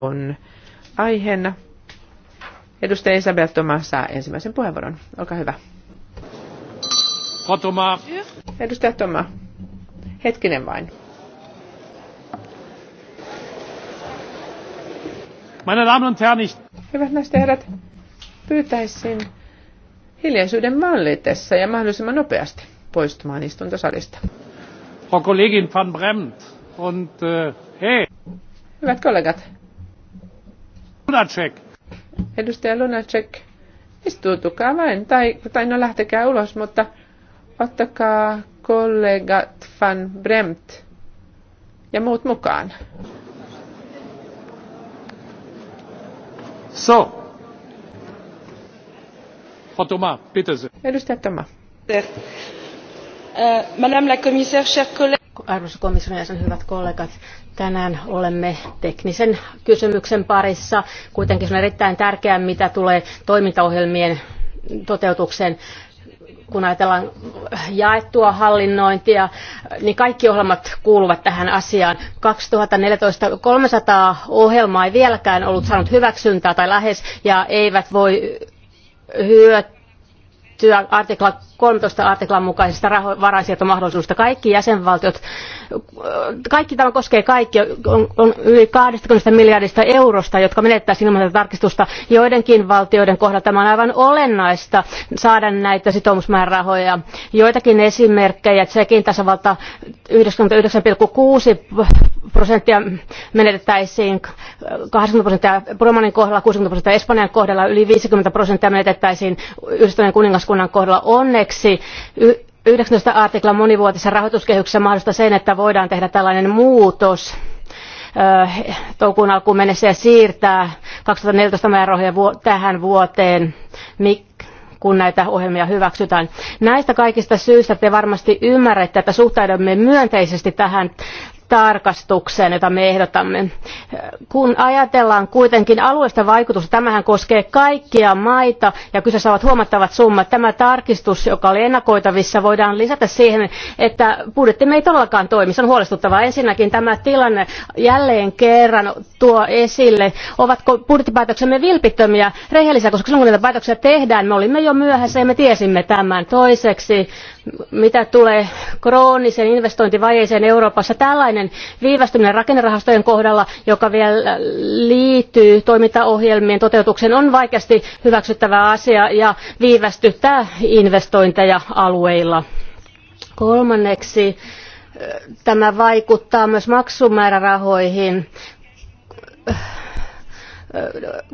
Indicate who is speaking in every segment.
Speaker 1: on aiheena. Edustaja Isabel Toma saa ensimmäisen puheenvuoron. Olkaa hyvä. Kotoma. Edustaja Toma. Hetkinen vain. Meine Damen und Herren, ich... Hyvät naiset herrat, pyytäisin hiljaisuuden mallitessa ja mahdollisimman nopeasti poistumaan istuntosalista. Frau Kollegin van Bremt und äh, hey. Hyvät kollegat, Lunacek. Edustaja Lunacek, istuutukaa vain, tai, tai no lähtekää ulos, mutta ottakaa kollegat van Bremt ja muut mukaan. So. Frau Thomas, Edustaja Toma.
Speaker 2: Euh, madame la commissaire, chers collègues. Arvoisa komission hyvät kollegat, Tänään olemme teknisen kysymyksen parissa. Kuitenkin se on erittäin tärkeää, mitä tulee toimintaohjelmien toteutukseen kun ajatellaan jaettua hallinnointia, niin kaikki ohjelmat kuuluvat tähän asiaan. 2014 300 ohjelmaa ei vieläkään ollut saanut hyväksyntää tai lähes, ja eivät voi hyötyä artikla 13 artiklan mukaisista varainsiirtomahdollisuudesta. Kaikki jäsenvaltiot, kaikki tämä koskee kaikki, on, on yli 20 miljardista eurosta, jotka menettäisiin ilman tätä tarkistusta. Joidenkin valtioiden kohdalla tämä on aivan olennaista saada näitä sitoumusmäärärahoja. Joitakin esimerkkejä, Tsekin tasavalta 99,6 prosenttia menetettäisiin, 80 prosenttia Romanin kohdalla, 60 prosenttia Espanjan kohdalla, yli 50 prosenttia menetettäisiin Yhdistyneen kuningaskunnan kohdalla. Onneksi toiseksi 19 artiklan monivuotisessa rahoituskehyksessä mahdollista sen, että voidaan tehdä tällainen muutos toukokuun alkuun mennessä ja siirtää 2014 määrärahoja tähän vuoteen, kun näitä ohjelmia hyväksytään. Näistä kaikista syistä te varmasti ymmärrätte, että suhtaudumme myönteisesti tähän tarkastukseen, jota me ehdotamme. Kun ajatellaan kuitenkin alueellista vaikutusta, tämähän koskee kaikkia maita ja kyseessä ovat huomattavat summat. Tämä tarkistus, joka oli ennakoitavissa, voidaan lisätä siihen, että budjettimme ei todellakaan toimi. Se on huolestuttavaa. Ensinnäkin tämä tilanne jälleen kerran tuo esille, ovatko budjettipäätöksemme vilpittömiä, rehellisiä, koska silloin kun näitä päätöksiä tehdään, me olimme jo myöhässä ja me tiesimme tämän. Toiseksi mitä tulee krooniseen investointivajeeseen Euroopassa, tällainen viivästyminen rakennerahastojen kohdalla, joka vielä liittyy toimintaohjelmien toteutukseen, on vaikeasti hyväksyttävä asia ja viivästyttää investointeja alueilla. Kolmanneksi tämä vaikuttaa myös maksumäärärahoihin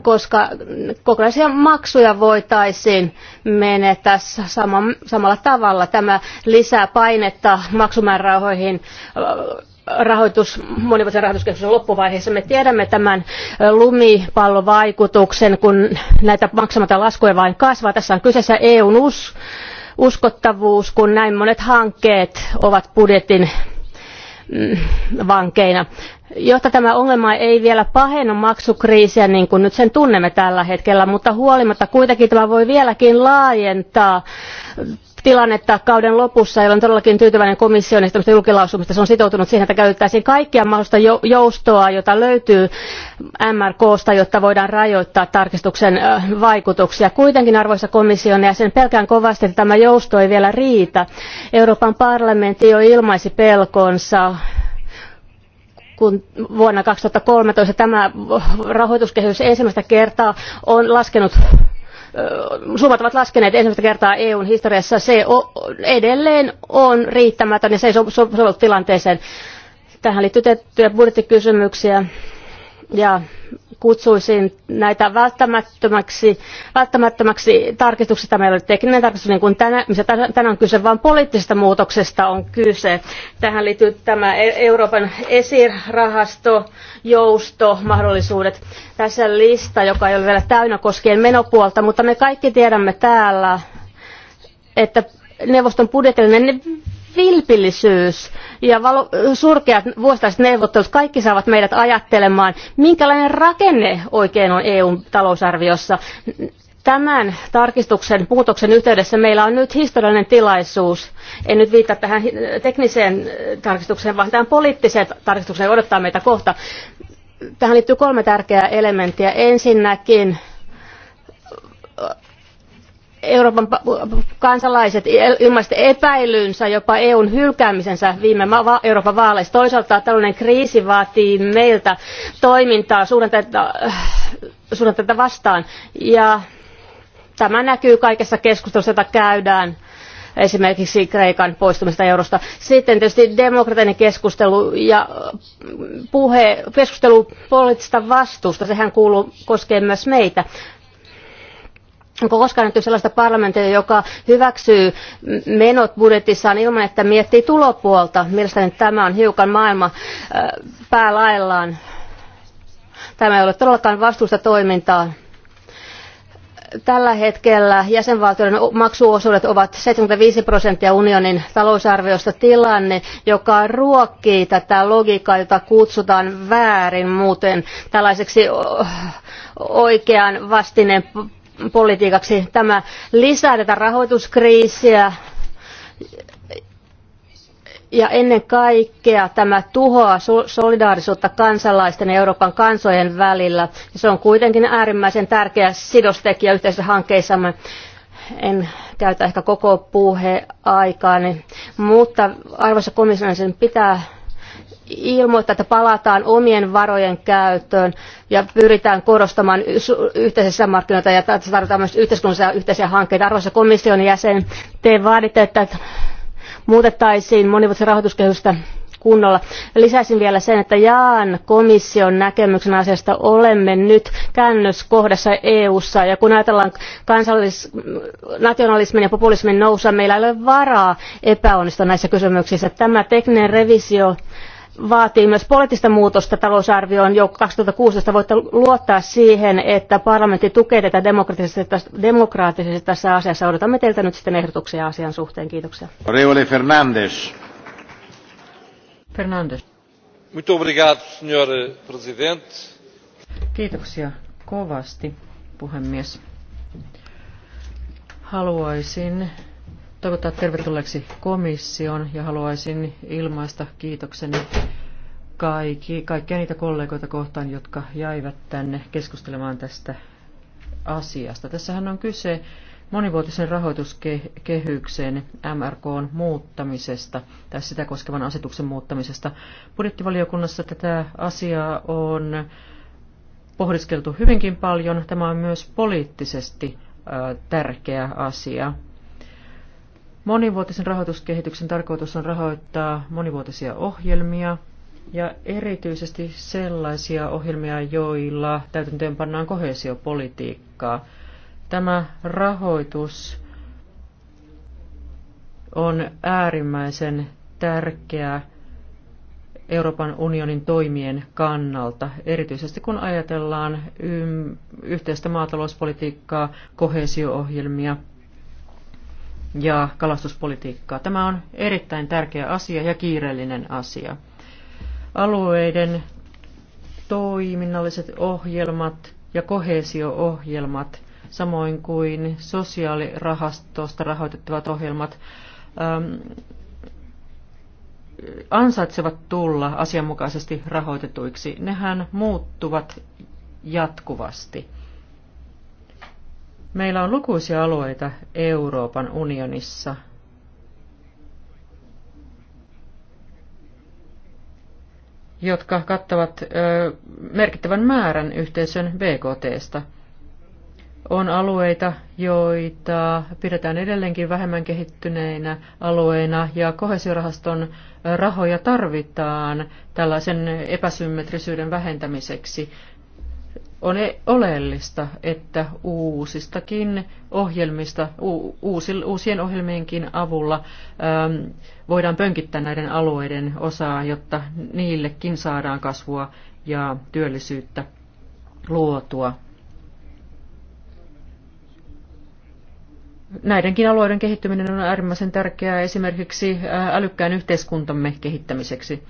Speaker 2: koska kokonaisia maksuja voitaisiin menettää samalla tavalla. Tämä lisää painetta maksumäärärahoihin rahoitus, monivuotisen rahoituskeskuksen loppuvaiheessa. Me tiedämme tämän lumipallovaikutuksen, kun näitä maksamatta laskuja vain kasvaa. Tässä on kyseessä EUn us, uskottavuus, kun näin monet hankkeet ovat budjetin mm, vankeina jotta tämä ongelma ei vielä pahenna maksukriisiä niin kuin nyt sen tunnemme tällä hetkellä, mutta huolimatta kuitenkin tämä voi vieläkin laajentaa tilannetta kauden lopussa ja olen todellakin tyytyväinen komission esittämästä julkilausumasta. Se on sitoutunut siihen, että käytettäisiin kaikkia mahdollista joustoa, jota löytyy MRKsta, jotta voidaan rajoittaa tarkistuksen vaikutuksia. Kuitenkin, arvoisa komission ja sen pelkään kovasti, että tämä jousto ei vielä riitä. Euroopan parlamentti jo ilmaisi pelkonsa kun vuonna kolmetoista tämä rahoituskehys ensimmäistä kertaa on laskenut summat ovat laskeneet ensimmäistä kertaa EUn historiassa. Se edelleen on riittämätön ja se ei sovellu tilanteeseen. Tähän liittyy tiettyjä budjettikysymyksiä ja kutsuisin näitä välttämättömäksi, välttämättömäksi tarkistuksista. Tämä ei ole tekninen tarkistus, niin kuin tänä, missä tänään on kyse, vaan poliittisesta muutoksesta on kyse. Tähän liittyy tämä e- Euroopan esirahasto, jousto, mahdollisuudet. Tässä lista, joka ei ole vielä täynnä koskien menopuolta, mutta me kaikki tiedämme täällä, että neuvoston budjetillinen vilpillisyys ja valo, surkeat vuosittaiset neuvottelut, kaikki saavat meidät ajattelemaan, minkälainen rakenne oikein on EUn talousarviossa. Tämän tarkistuksen muutoksen yhteydessä meillä on nyt historiallinen tilaisuus. En nyt viittaa tähän tekniseen äh, tarkistukseen, vaan tähän poliittiseen tarkistukseen odottaa meitä kohta. Tähän liittyy kolme tärkeää elementtiä. Ensinnäkin Euroopan kansalaiset ilmaisivat epäilynsä, jopa EUn hylkäämisensä viime Euroopan vaaleissa. Toisaalta tällainen kriisi vaatii meiltä toimintaa äh, suhdanteita vastaan. Ja tämä näkyy kaikessa keskustelussa, jota käydään esimerkiksi Kreikan poistumista eurosta. Sitten tietysti demokratinen keskustelu ja puhe, keskustelu poliittisesta vastuusta, sehän kuuluu, koskee myös meitä. Onko koskaan nähty sellaista parlamenttia, joka hyväksyy menot budjetissaan ilman, että miettii tulopuolta? Mielestäni tämä on hiukan maailma äh, päälaillaan. Tämä ei ole todellakaan vastuusta toimintaa tällä hetkellä jäsenvaltioiden maksuosuudet ovat 75 prosenttia unionin talousarviosta tilanne joka ruokkii tätä logiikkaa jota kutsutaan väärin muuten tällaiseksi oikean vastineen politiikaksi. Tämä lisää tätä rahoituskriisiä ja ennen kaikkea tämä tuhoaa solidaarisuutta kansalaisten ja Euroopan kansojen välillä. Se on kuitenkin äärimmäisen tärkeä sidostekijä yhteisissä hankkeissamme. En käytä ehkä koko puheaikaani, niin- mutta arvoisa komissaari, sen pitää ilmoittaa, että palataan omien varojen käyttöön ja pyritään korostamaan yhteisessä markkinoita ja tarvitaan myös yhteiskunnallisia yhteisiä hankkeita. Arvoisa komission jäsen, te vaaditte, että muutettaisiin monivuotisen rahoituskehystä kunnolla. Lisäisin vielä sen, että jaan komission näkemyksen asiasta olemme nyt käännöskohdassa EU-ssa ja kun ajatellaan kansallis- nationalismin ja populismin nousua, meillä ei ole varaa epäonnistua näissä kysymyksissä. Tämä tekninen revisio vaatii myös poliittista muutosta talousarvioon jo 2016. Voitte luottaa siihen, että parlamentti tukee tätä demokraattisesti, tässä asiassa. Odotamme teiltä nyt sitten ehdotuksia asian suhteen. Kiitoksia. Reole Fernandes. Fernandes.
Speaker 3: Muito obrigado, senhor presidente. Kiitoksia kovasti, puhemies. Haluaisin toivottaa tervetulleeksi komission ja haluaisin ilmaista kiitokseni kaikki, kaikkia niitä kollegoita kohtaan, jotka jäivät tänne keskustelemaan tästä asiasta. Tässähän on kyse monivuotisen rahoituskehyksen MRKn muuttamisesta tai sitä koskevan asetuksen muuttamisesta. Budjettivaliokunnassa tätä asiaa on pohdiskeltu hyvinkin paljon. Tämä on myös poliittisesti tärkeä asia. Monivuotisen rahoituskehityksen tarkoitus on rahoittaa monivuotisia ohjelmia ja erityisesti sellaisia ohjelmia, joilla täytäntöön pannaan kohesiopolitiikkaa. Tämä rahoitus on äärimmäisen tärkeä Euroopan unionin toimien kannalta, erityisesti kun ajatellaan yhteistä maatalouspolitiikkaa, kohesio-ohjelmia – ja kalastuspolitiikkaa. Tämä on erittäin tärkeä asia ja kiireellinen asia. Alueiden toiminnalliset ohjelmat ja kohesio-ohjelmat, samoin kuin sosiaalirahastosta rahoitettavat ohjelmat, ähm, ansaitsevat tulla asianmukaisesti rahoitetuiksi. Nehän muuttuvat jatkuvasti. Meillä on lukuisia alueita Euroopan unionissa, jotka kattavat ö, merkittävän määrän yhteisön BKTstä. On alueita, joita pidetään edelleenkin vähemmän kehittyneinä alueina, ja kohesiorahaston rahoja tarvitaan tällaisen epäsymmetrisyyden vähentämiseksi on e- oleellista, että uusistakin ohjelmista, uusien ohjelmienkin avulla ähm, voidaan pönkittää näiden alueiden osaa, jotta niillekin saadaan kasvua ja työllisyyttä luotua. Näidenkin alueiden kehittyminen on äärimmäisen tärkeää esimerkiksi äh, älykkään yhteiskuntamme kehittämiseksi.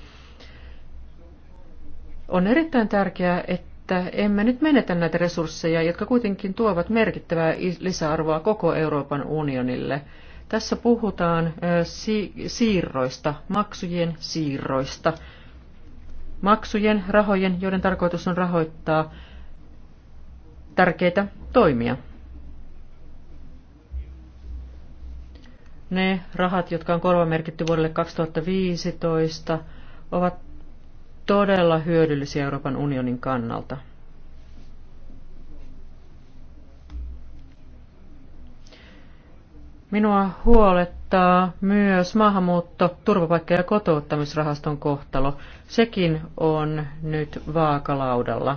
Speaker 3: On erittäin tärkeää, että että emme nyt menetä näitä resursseja, jotka kuitenkin tuovat merkittävää lisäarvoa koko Euroopan unionille. Tässä puhutaan siirroista, maksujen siirroista. Maksujen, rahojen, joiden tarkoitus on rahoittaa tärkeitä toimia. Ne rahat, jotka on korvamerkitty vuodelle 2015, ovat todella hyödyllisiä Euroopan unionin kannalta. Minua huolettaa myös maahanmuutto, turvapaikka- ja kotouttamisrahaston kohtalo. Sekin on nyt vaakalaudalla.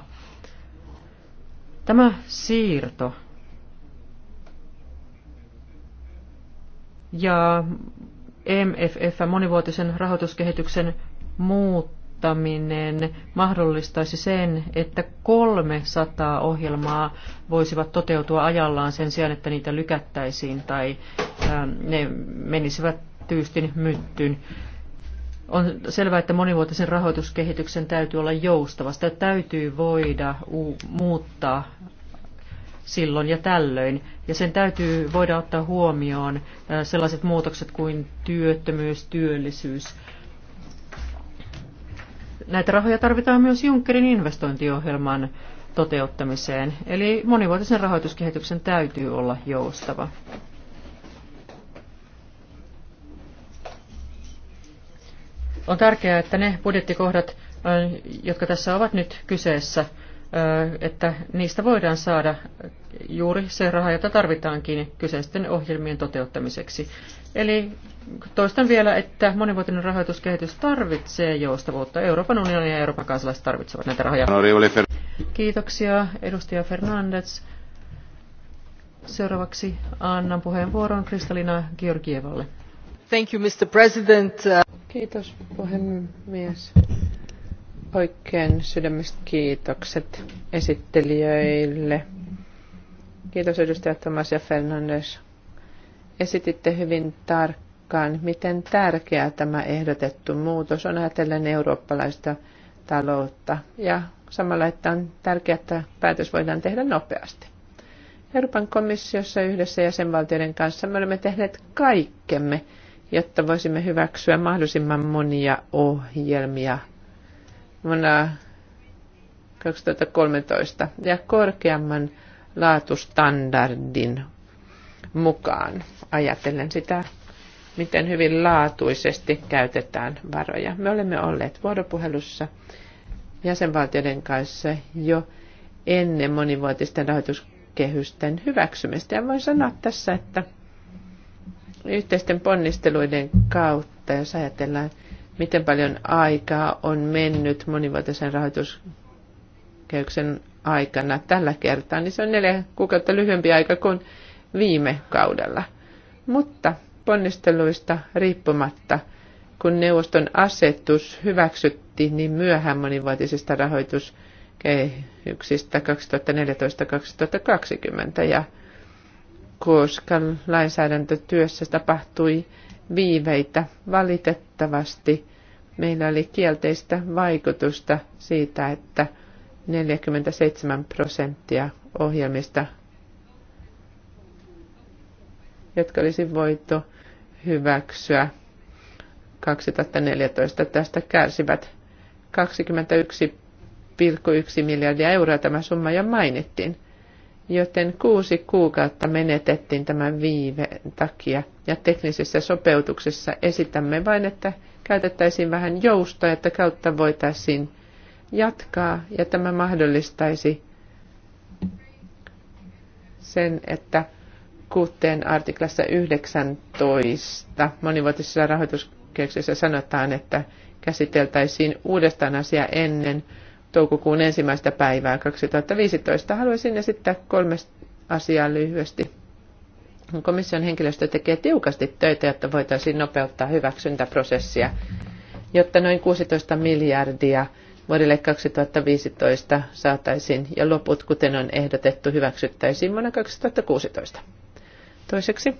Speaker 3: Tämä siirto ja MFF monivuotisen rahoituskehityksen muutto muuttaminen mahdollistaisi sen, että 300 ohjelmaa voisivat toteutua ajallaan sen sijaan, että niitä lykättäisiin tai ähm, ne menisivät tyystin myttyyn. On selvää, että monivuotisen rahoituskehityksen täytyy olla joustava. Sitä täytyy voida muuttaa silloin ja tällöin. Ja sen täytyy voida ottaa huomioon äh, sellaiset muutokset kuin työttömyys, työllisyys, näitä rahoja tarvitaan myös Junckerin investointiohjelman toteuttamiseen, eli monivuotisen rahoituskehityksen täytyy olla joustava. On tärkeää, että ne budjettikohdat, jotka tässä ovat nyt kyseessä, että niistä voidaan saada juuri se raha, jota tarvitaankin kyseisten ohjelmien toteuttamiseksi. Eli toistan vielä, että monivuotinen rahoituskehitys tarvitsee joustavuutta. Euroopan unioni ja Euroopan kansalaiset tarvitsevat näitä rahoja. Kiitoksia, edustaja Fernandes. Seuraavaksi annan puheenvuoron
Speaker 1: Kristalina Georgievalle. Thank you, Mr. President. Kiitos, puhemies. Oikein sydämestä kiitokset esittelijöille. Kiitos edustajat Tomas ja Fernandes esititte hyvin tarkkaan, miten tärkeä tämä ehdotettu muutos on ajatellen eurooppalaista taloutta ja samalla, että on tärkeää, että päätös voidaan tehdä nopeasti. Euroopan komissiossa yhdessä jäsenvaltioiden kanssa me olemme tehneet kaikkemme, jotta voisimme hyväksyä mahdollisimman monia ohjelmia vuonna 2013 ja korkeamman laatustandardin mukaan, ajatellen sitä, miten hyvin laatuisesti käytetään varoja. Me olemme olleet vuoropuhelussa jäsenvaltioiden kanssa jo ennen monivuotisten rahoituskehysten hyväksymistä. Ja voin sanoa tässä, että yhteisten ponnisteluiden kautta, jos ajatellaan, miten paljon aikaa on mennyt monivuotisen rahoituskehyksen aikana tällä kertaa, niin se on neljä kuukautta lyhyempi aika kuin viime kaudella. Mutta ponnisteluista riippumatta, kun neuvoston asetus hyväksyttiin niin myöhään monivuotisista rahoituskehyksistä 2014-2020 ja koska lainsäädäntötyössä tapahtui viiveitä valitettavasti, meillä oli kielteistä vaikutusta siitä, että 47 prosenttia ohjelmista jotka olisi voitu hyväksyä 2014. Tästä kärsivät 21,1 miljardia euroa tämä summa jo mainittiin. Joten kuusi kuukautta menetettiin tämän viive takia ja teknisessä sopeutuksessa esitämme vain, että käytettäisiin vähän joustoa, että kautta voitaisiin jatkaa ja tämä mahdollistaisi sen, että kuten artiklassa 19 monivuotisessa rahoituskehyksessä sanotaan, että käsiteltäisiin uudestaan asia ennen toukokuun ensimmäistä päivää 2015. Haluaisin esittää kolme asiaa lyhyesti. Komission henkilöstö tekee tiukasti töitä, jotta voitaisiin nopeuttaa hyväksyntäprosessia, jotta noin 16 miljardia vuodelle 2015 saataisiin ja loput, kuten on ehdotettu, hyväksyttäisiin vuonna 2016. Toiseksi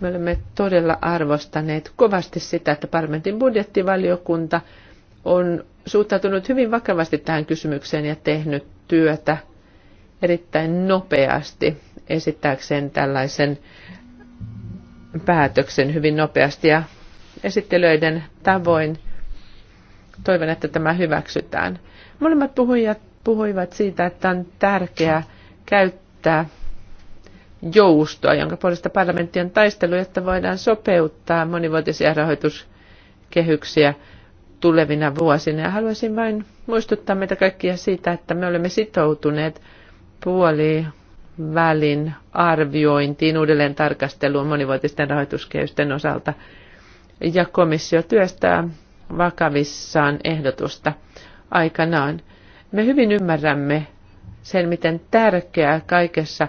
Speaker 1: me olemme todella arvostaneet kovasti sitä, että parlamentin budjettivaliokunta on suhtautunut hyvin vakavasti tähän kysymykseen ja tehnyt työtä erittäin nopeasti esittääkseen tällaisen päätöksen hyvin nopeasti ja esittelyiden tavoin toivon, että tämä hyväksytään. Molemmat puhujat puhuivat siitä, että on tärkeää käyttää joustoa, jonka puolesta parlamentti on taistellut, että voidaan sopeuttaa monivuotisia rahoituskehyksiä tulevina vuosina. Ja haluaisin vain muistuttaa meitä kaikkia siitä, että me olemme sitoutuneet puolivälin arviointiin, uudelleen tarkasteluun monivuotisten rahoituskehysten osalta. Ja komissio työstää vakavissaan ehdotusta aikanaan. Me hyvin ymmärrämme sen, miten tärkeää kaikessa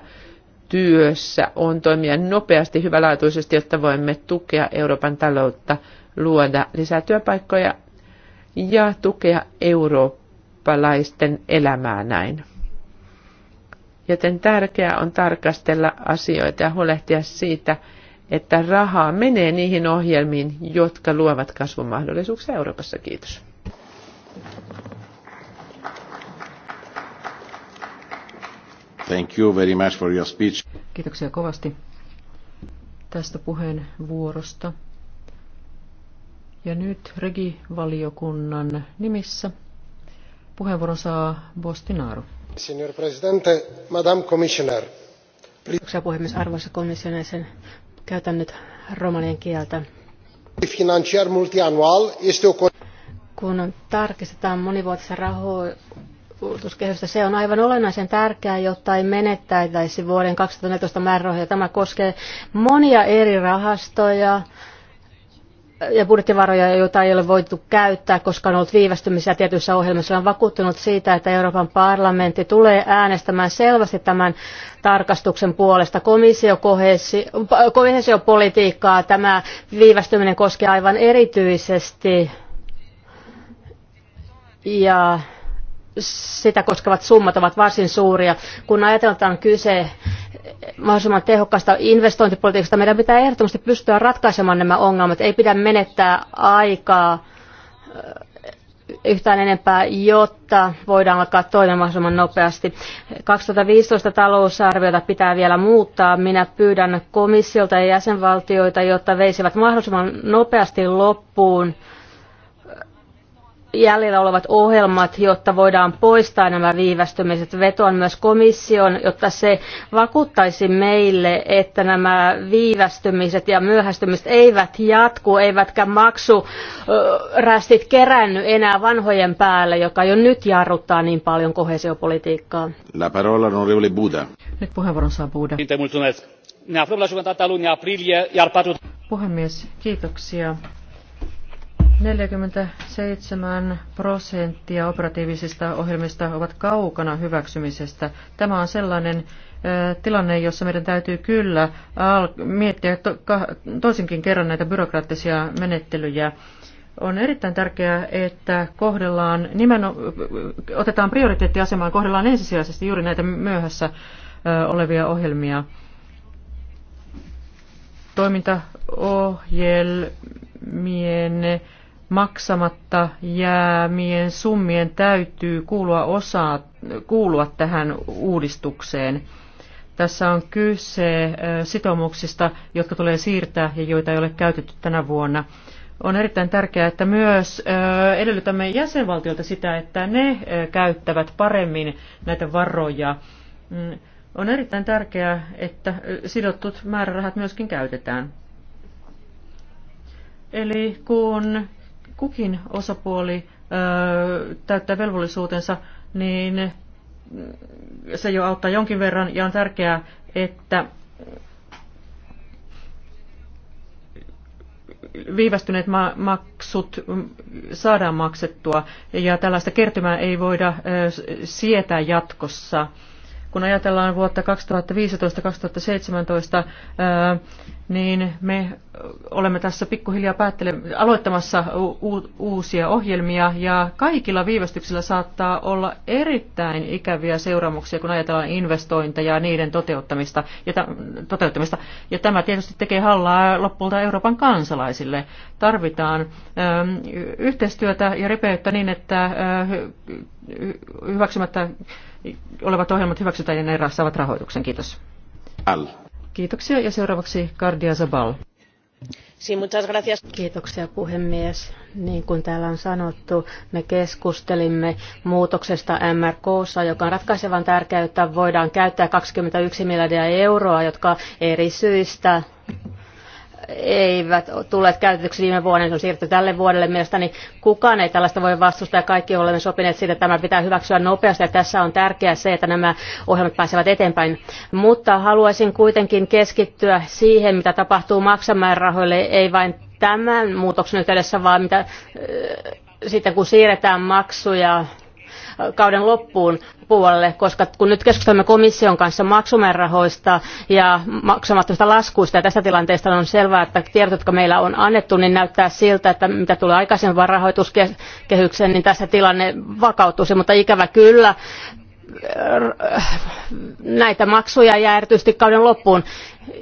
Speaker 1: työssä on toimia nopeasti, hyvälaatuisesti, jotta voimme tukea Euroopan taloutta, luoda lisää työpaikkoja ja tukea eurooppalaisten elämää näin. Joten tärkeää on tarkastella asioita ja huolehtia siitä, että rahaa menee niihin ohjelmiin, jotka luovat kasvumahdollisuuksia Euroopassa. Kiitos.
Speaker 2: Thank you very much for your speech.
Speaker 3: Kiitoksia kovasti tästä puheenvuorosta. Ja nyt regivaliokunnan nimissä puheenvuoron saa
Speaker 2: Bostinaru.
Speaker 3: Signor Presidente, Madame Commissioner.
Speaker 2: Kiitoksia puhemies, arvoisa komissionäisen. Käytän nyt romanien kieltä.
Speaker 3: multianual
Speaker 2: Kun tarkistetaan monivuotisen raho- kulutuskehystä. Se on aivan olennaisen tärkeää, jotta ei menettäisi vuoden 2014 määrärahoja. Tämä koskee monia eri rahastoja ja budjettivaroja, joita ei ole voitu käyttää, koska on ollut viivästymisiä tietyissä ohjelmissa. Olen vakuuttunut siitä, että Euroopan parlamentti tulee äänestämään selvästi tämän tarkastuksen puolesta. Komissio kohesiopolitiikkaa tämä viivästyminen koskee aivan erityisesti ja sitä koskevat summat ovat varsin suuria. Kun ajatellaan kyse mahdollisimman tehokkaasta investointipolitiikasta, meidän pitää ehdottomasti pystyä ratkaisemaan nämä ongelmat. Ei pidä menettää aikaa eh, yhtään enempää, jotta voidaan alkaa toimia mahdollisimman nopeasti. 2015 talousarviota pitää vielä muuttaa. Minä pyydän komissiolta ja jäsenvaltioita, jotta veisivät mahdollisimman nopeasti loppuun jäljellä olevat ohjelmat, jotta voidaan poistaa nämä viivästymiset. Vetoan myös komission, jotta se vakuuttaisi meille, että nämä viivästymiset ja myöhästymiset eivät jatku, eivätkä maksu rästit keränny enää vanhojen päälle, joka jo nyt jarruttaa niin paljon kohesiopolitiikkaa. La parola oli Buda.
Speaker 3: Nyt puheenvuoron saa Buda. Niin Puhemies, kiitoksia. 47 prosenttia operatiivisista ohjelmista ovat kaukana hyväksymisestä. Tämä on sellainen tilanne, jossa meidän täytyy kyllä miettiä to- ka- toisinkin kerran näitä byrokraattisia menettelyjä. On erittäin tärkeää, että kohdellaan, nimeno- otetaan prioriteettiasemaan, kohdellaan ensisijaisesti juuri näitä myöhässä olevia ohjelmia toimintaohjelmien maksamatta jäämien summien täytyy kuulua, osaa, kuulua tähän uudistukseen. Tässä on kyse sitoumuksista, jotka tulee siirtää ja joita ei ole käytetty tänä vuonna. On erittäin tärkeää, että myös edellytämme jäsenvaltiolta sitä, että ne käyttävät paremmin näitä varoja. Mm, on erittäin tärkeää, että sidottut määrärahat myöskin käytetään. Eli kun kukin osapuoli täyttää velvollisuutensa, niin se jo auttaa jonkin verran ja on tärkeää, että viivästyneet maksut saadaan maksettua ja tällaista kertymää ei voida sietää jatkossa. Kun ajatellaan vuotta 2015-2017, niin me olemme tässä pikkuhiljaa päättele- aloittamassa uusia ohjelmia ja kaikilla viivästyksillä saattaa olla erittäin ikäviä seuraamuksia, kun ajatellaan investointeja ja niiden toteuttamista. Ja, toteuttamista. ja tämä tietysti tekee hallaa lopulta Euroopan kansalaisille. Tarvitaan yhteistyötä ja repeyttä niin, että hyväksymättä olevat ohjelmat hyväksytään ja ne saavat rahoituksen. Kiitos. Al. Kiitoksia ja seuraavaksi Kardia Zabal.
Speaker 2: muchas gracias. Kiitoksia puhemies. Niin kuin täällä on sanottu, me keskustelimme muutoksesta MRKssa, joka on ratkaisevan tärkeää, että voidaan käyttää 21 miljardia euroa, jotka eri syistä eivät tulleet käytetyksi viime vuonna, se on siirretty tälle vuodelle. Mielestäni kukaan ei tällaista voi vastustaa ja kaikki olemme sopineet siitä, että tämä pitää hyväksyä nopeasti ja tässä on tärkeää se, että nämä ohjelmat pääsevät eteenpäin. Mutta haluaisin kuitenkin keskittyä siihen, mitä tapahtuu maksamäärärahoille, ei vain tämän muutoksen yhteydessä, vaan mitä, sitten kun siirretään maksuja kauden loppuun puolelle, koska kun nyt keskustelemme komission kanssa maksumäärärahoista ja maksamattomista laskuista ja tästä tilanteesta on selvää, että tiedot, jotka meillä on annettu, niin näyttää siltä, että mitä tulee aikaisempaan rahoituskehykseen, niin tässä tilanne vakautuisi, mutta ikävä kyllä näitä maksuja jää erityisesti kauden loppuun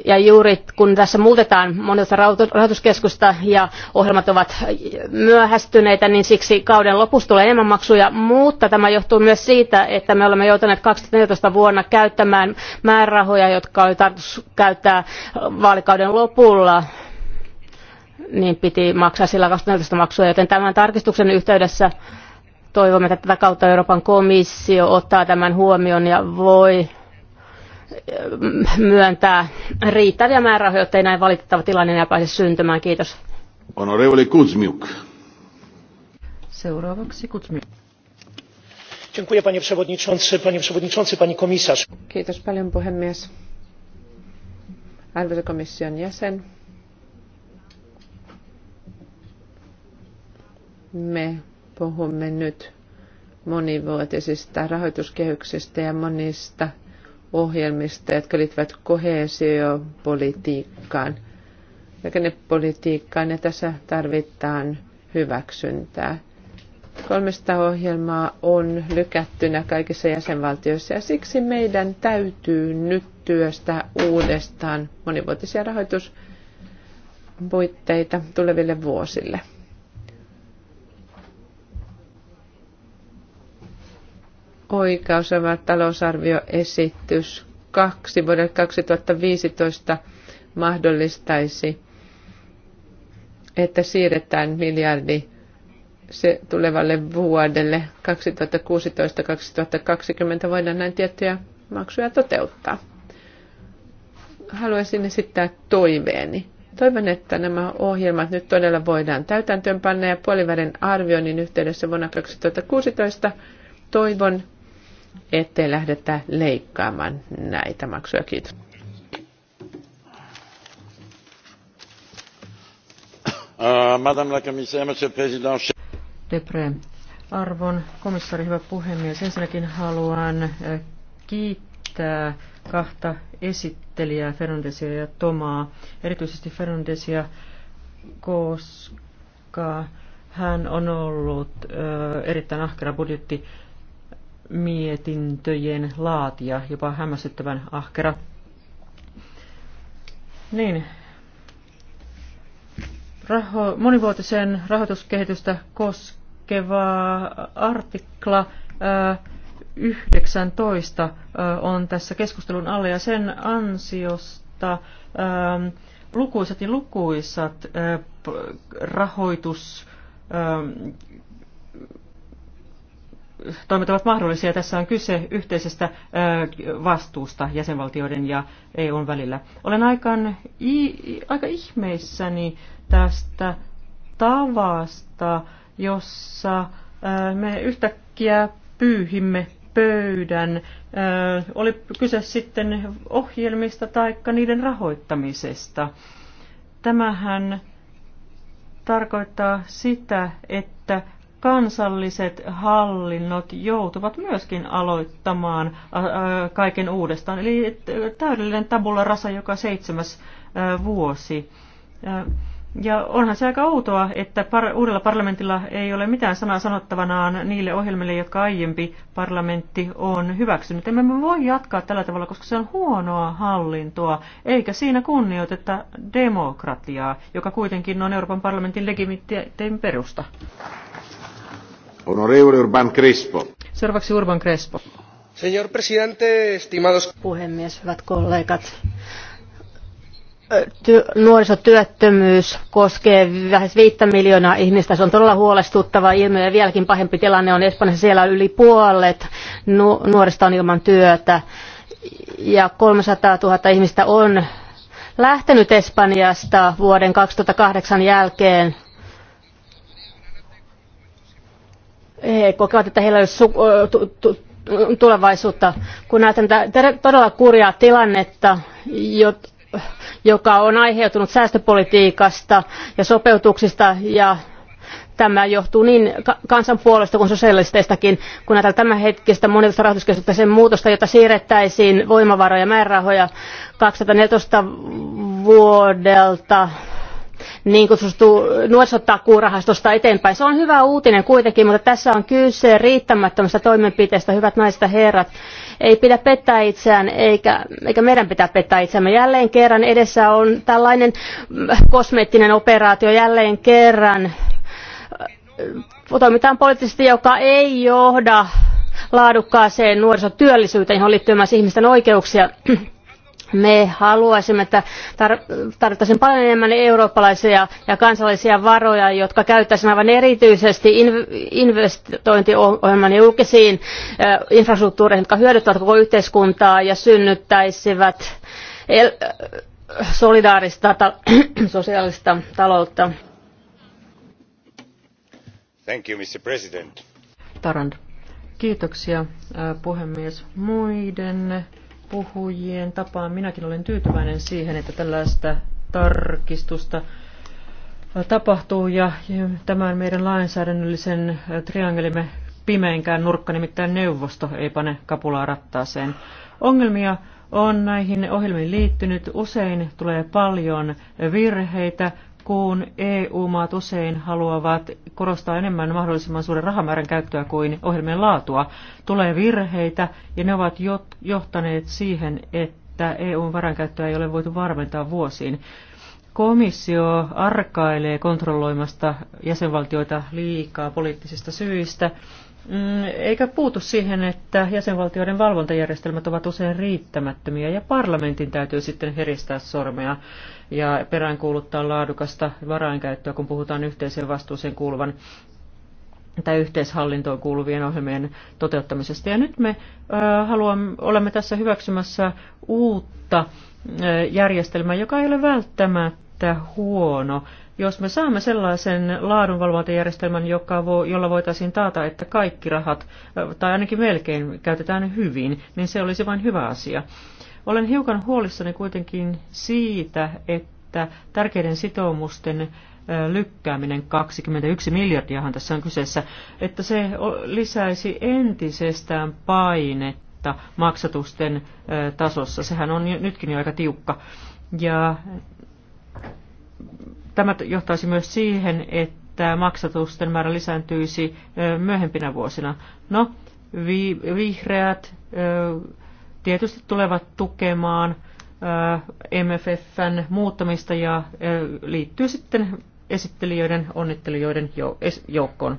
Speaker 2: ja juuri kun tässä muutetaan monelta rahoituskeskusta ja ohjelmat ovat myöhästyneitä, niin siksi kauden lopussa tulee enemmän maksuja, mutta tämä johtuu myös siitä, että me olemme joutuneet kaksituhatta vuonna käyttämään määrärahoja, jotka oli tarkoitus käyttää vaalikauden lopulla niin piti maksaa sillä 2014 maksua, joten tämän tarkistuksen yhteydessä toivomme, että tätä kautta Euroopan komissio ottaa tämän huomioon ja voi myöntää riittäviä määrärahoja, jotta ei näin valitettava tilanne enää pääse syntymään. Kiitos.
Speaker 1: Honorevoli Kuzmiuk. Seuraavaksi Kuzmiuk.
Speaker 3: Dziękuję panie przewodniczący,
Speaker 1: panie przewodniczący, pani komisarz. Kiitos paljon puhemies. Arvoisa komission jäsen. Me puhumme nyt monivuotisista rahoituskehyksistä ja monista ohjelmista, jotka liittyvät kohesiopolitiikkaan, rakennepolitiikkaan, ja tässä tarvitaan hyväksyntää. 300 ohjelmaa on lykättynä kaikissa jäsenvaltioissa ja siksi meidän täytyy nyt työstää uudestaan monivuotisia rahoituspuitteita tuleville vuosille. oikaisema talousarvioesitys 2 vuodelle 2015 mahdollistaisi, että siirretään miljardi se tulevalle vuodelle 2016-2020 voidaan näin tiettyjä maksuja toteuttaa. Haluaisin esittää toiveeni. Toivon, että nämä ohjelmat nyt todella voidaan täytäntöönpanna ja puolivälin arvioinnin yhteydessä vuonna 2016 toivon, ettei lähdetä leikkaamaan näitä maksuja. Kiitos. Uh, Madame la commissaire, monsieur
Speaker 3: Depre. Arvon komissari, hyvä puhemies. Ensinnäkin haluan uh, kiittää kahta esittelijää, Fernandesia ja Tomaa, erityisesti Fernandesia, koska hän on ollut uh, erittäin ahkera budjetti mietintöjen laatija, jopa hämmästyttävän ahkera. Niin. Raho, monivuotisen rahoituskehitystä koskeva artikla ää, 19 ää, on tässä keskustelun alle ja sen ansiosta ää, lukuisat ja lukuisat ää, rahoitus ää, toimet ovat mahdollisia. Tässä on kyse yhteisestä vastuusta jäsenvaltioiden ja EUn välillä. Olen aikaan, aika ihmeissäni tästä tavasta, jossa me yhtäkkiä pyyhimme pöydän, oli kyse sitten ohjelmista tai niiden rahoittamisesta. Tämähän tarkoittaa sitä, että kansalliset hallinnot joutuvat myöskin aloittamaan äh, äh, kaiken uudestaan. Eli täydellinen tabulla rasa joka seitsemäs äh, vuosi. Ja onhan se aika outoa, että par- uudella parlamentilla ei ole mitään sanaa sanottavanaan niille ohjelmille, jotka aiempi parlamentti on hyväksynyt. Emme me voi jatkaa tällä tavalla, koska se on huonoa hallintoa, eikä siinä kunnioiteta demokratiaa, joka kuitenkin on Euroopan parlamentin legimittien perusta.
Speaker 1: Honorevole
Speaker 2: Señor presidente, estimados... Puhemies, hyvät kollegat. nuorisotyöttömyys koskee lähes viittä miljoonaa ihmistä. Se on todella huolestuttava ilmiö ja vieläkin pahempi tilanne on Espanjassa. Siellä yli puolet nu- nuorista on ilman työtä ja 300 000 ihmistä on lähtenyt Espanjasta vuoden 2008 jälkeen he kokevat, että heillä ei ole tulevaisuutta. Kun näytän todella kurjaa tilannetta, joka on aiheutunut säästöpolitiikasta ja sopeutuksista ja tämä johtuu niin kansan puolesta kuin sosialisteistakin, kun näitä hetkistä monilta rahoituskeskusta sen muutosta, jota siirrettäisiin voimavaroja ja määrärahoja 2014 vuodelta niin kutsutusta nuorisotakuurahastosta eteenpäin. Se on hyvä uutinen kuitenkin, mutta tässä on kyse riittämättömästä toimenpiteestä, hyvät naiset ja herrat. Ei pidä pettää itseään, eikä, eikä meidän pitää pettää itseämme. Jälleen kerran edessä on tällainen kosmeettinen operaatio, jälleen kerran äh, toimitaan poliittisesti, joka ei johda laadukkaaseen nuorisotyöllisyyteen, johon liittyy myös ihmisten oikeuksia. Me haluaisimme, että tar- tarvittaisiin paljon enemmän eurooppalaisia ja kansallisia varoja, jotka käyttäisiin aivan erityisesti in- investointiohjelman julkisiin infrastruktuureihin, jotka hyödyttävät koko yhteiskuntaa ja synnyttäisivät el- solidaarista ta- sosiaalista taloutta.
Speaker 3: Thank you, Mr. President. Tarand. Kiitoksia puhemies. Muiden puhujien tapaan minäkin olen tyytyväinen siihen, että tällaista tarkistusta tapahtuu ja tämän meidän lainsäädännöllisen triangelimme pimeinkään nurkka, nimittäin neuvosto ei pane kapulaa rattaaseen. Ongelmia on näihin ohjelmiin liittynyt. Usein tulee paljon virheitä, kun EU-maat usein haluavat korostaa enemmän mahdollisimman suuren rahamäärän käyttöä kuin ohjelmien laatua, tulee virheitä ja ne ovat johtaneet siihen, että EUn varankäyttöä ei ole voitu varmentaa vuosiin. Komissio arkailee kontrolloimasta jäsenvaltioita liikaa poliittisista syistä, mm, eikä puutu siihen, että jäsenvaltioiden valvontajärjestelmät ovat usein riittämättömiä ja parlamentin täytyy sitten heristää sormea ja peräänkuuluttaa laadukasta varainkäyttöä, kun puhutaan yhteiseen vastuuseen kuuluvan tai yhteishallintoon kuuluvien ohjelmien toteuttamisesta. Ja nyt me haluamme, olemme tässä hyväksymässä uutta järjestelmää, joka ei ole välttämättä huono. Jos me saamme sellaisen laadunvalvontajärjestelmän, joka vo, jolla voitaisiin taata, että kaikki rahat, tai ainakin melkein, käytetään hyvin, niin se olisi vain hyvä asia. Olen hiukan huolissani kuitenkin siitä, että tärkeiden sitoumusten lykkääminen, 21 miljardiahan tässä on kyseessä, että se lisäisi entisestään painetta maksatusten tasossa. Sehän on nytkin jo aika tiukka. Ja tämä johtaisi myös siihen, että maksatusten määrä lisääntyisi myöhempinä vuosina. No, vi- vihreät tietysti tulevat tukemaan MFFn muuttamista ja liittyy sitten esittelijöiden, onnittelijoiden
Speaker 1: joukkoon.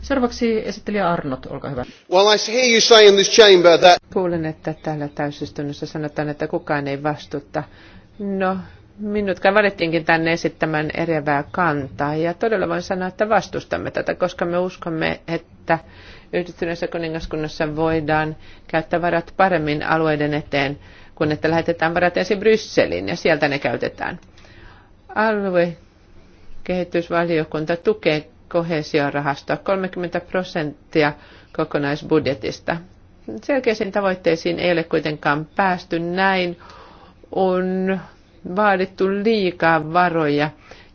Speaker 1: Seuraavaksi
Speaker 3: esittelijä Arnot, olkaa hyvä.
Speaker 1: Well, I hear you say in this chamber that... Kuulen, että täällä täysistunnossa sanotaan, että kukaan ei vastuta. No, minutkaan valittiinkin tänne esittämään eriävää kantaa, ja todella voin sanoa, että vastustamme tätä, koska me uskomme, että yhdistyneessä kuningaskunnassa voidaan käyttää varat paremmin alueiden eteen, kun että lähetetään varat ensin Brysseliin ja sieltä ne käytetään. Aluekehitysvaliokunta tukee kohesiorahastoa 30 prosenttia kokonaisbudjetista. Selkeisiin tavoitteisiin ei ole kuitenkaan päästy näin. On vaadittu liikaa varoja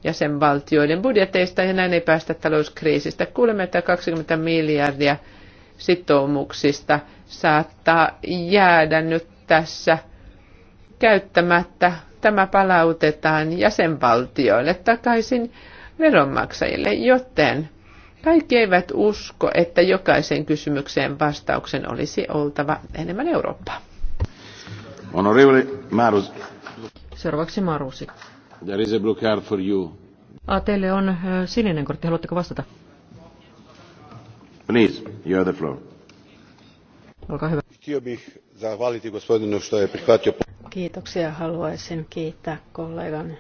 Speaker 1: jäsenvaltioiden budjeteista ja näin ei päästä talouskriisistä. Kuulemme, että 20 miljardia sitoumuksista saattaa jäädä nyt tässä käyttämättä. Tämä palautetaan jäsenvaltioille takaisin veronmaksajille, joten kaikki eivät usko, että jokaisen kysymykseen vastauksen olisi oltava enemmän Eurooppaa. Honorable Marus. Seuraavaksi
Speaker 3: Marusi.
Speaker 2: There is a blue card for you.
Speaker 3: Ah, teille on sininen kortti. Haluatteko vastata?
Speaker 2: Please, you have the floor. Olkaa hyvä. Kiitoksia. Haluaisin kiittää kollegan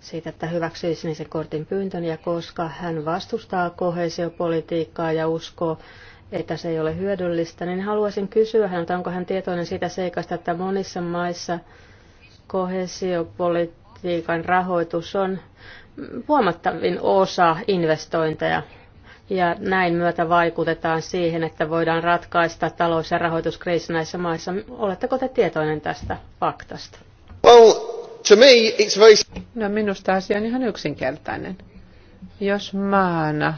Speaker 2: siitä, että hyväksyi sinisen kortin pyyntön ja koska hän vastustaa kohesiopolitiikkaa ja uskoo, että se ei ole hyödyllistä, niin haluaisin kysyä häneltä, onko hän tietoinen siitä seikasta, että monissa maissa – Kohesiopolitiikan rahoitus on huomattavin osa investointeja ja näin myötä vaikutetaan siihen, että voidaan ratkaista talous- ja rahoituskriisi näissä maissa. Oletteko te tietoinen tästä
Speaker 1: faktasta? Well, to me it's very... No minusta asia on ihan yksinkertainen. Jos maana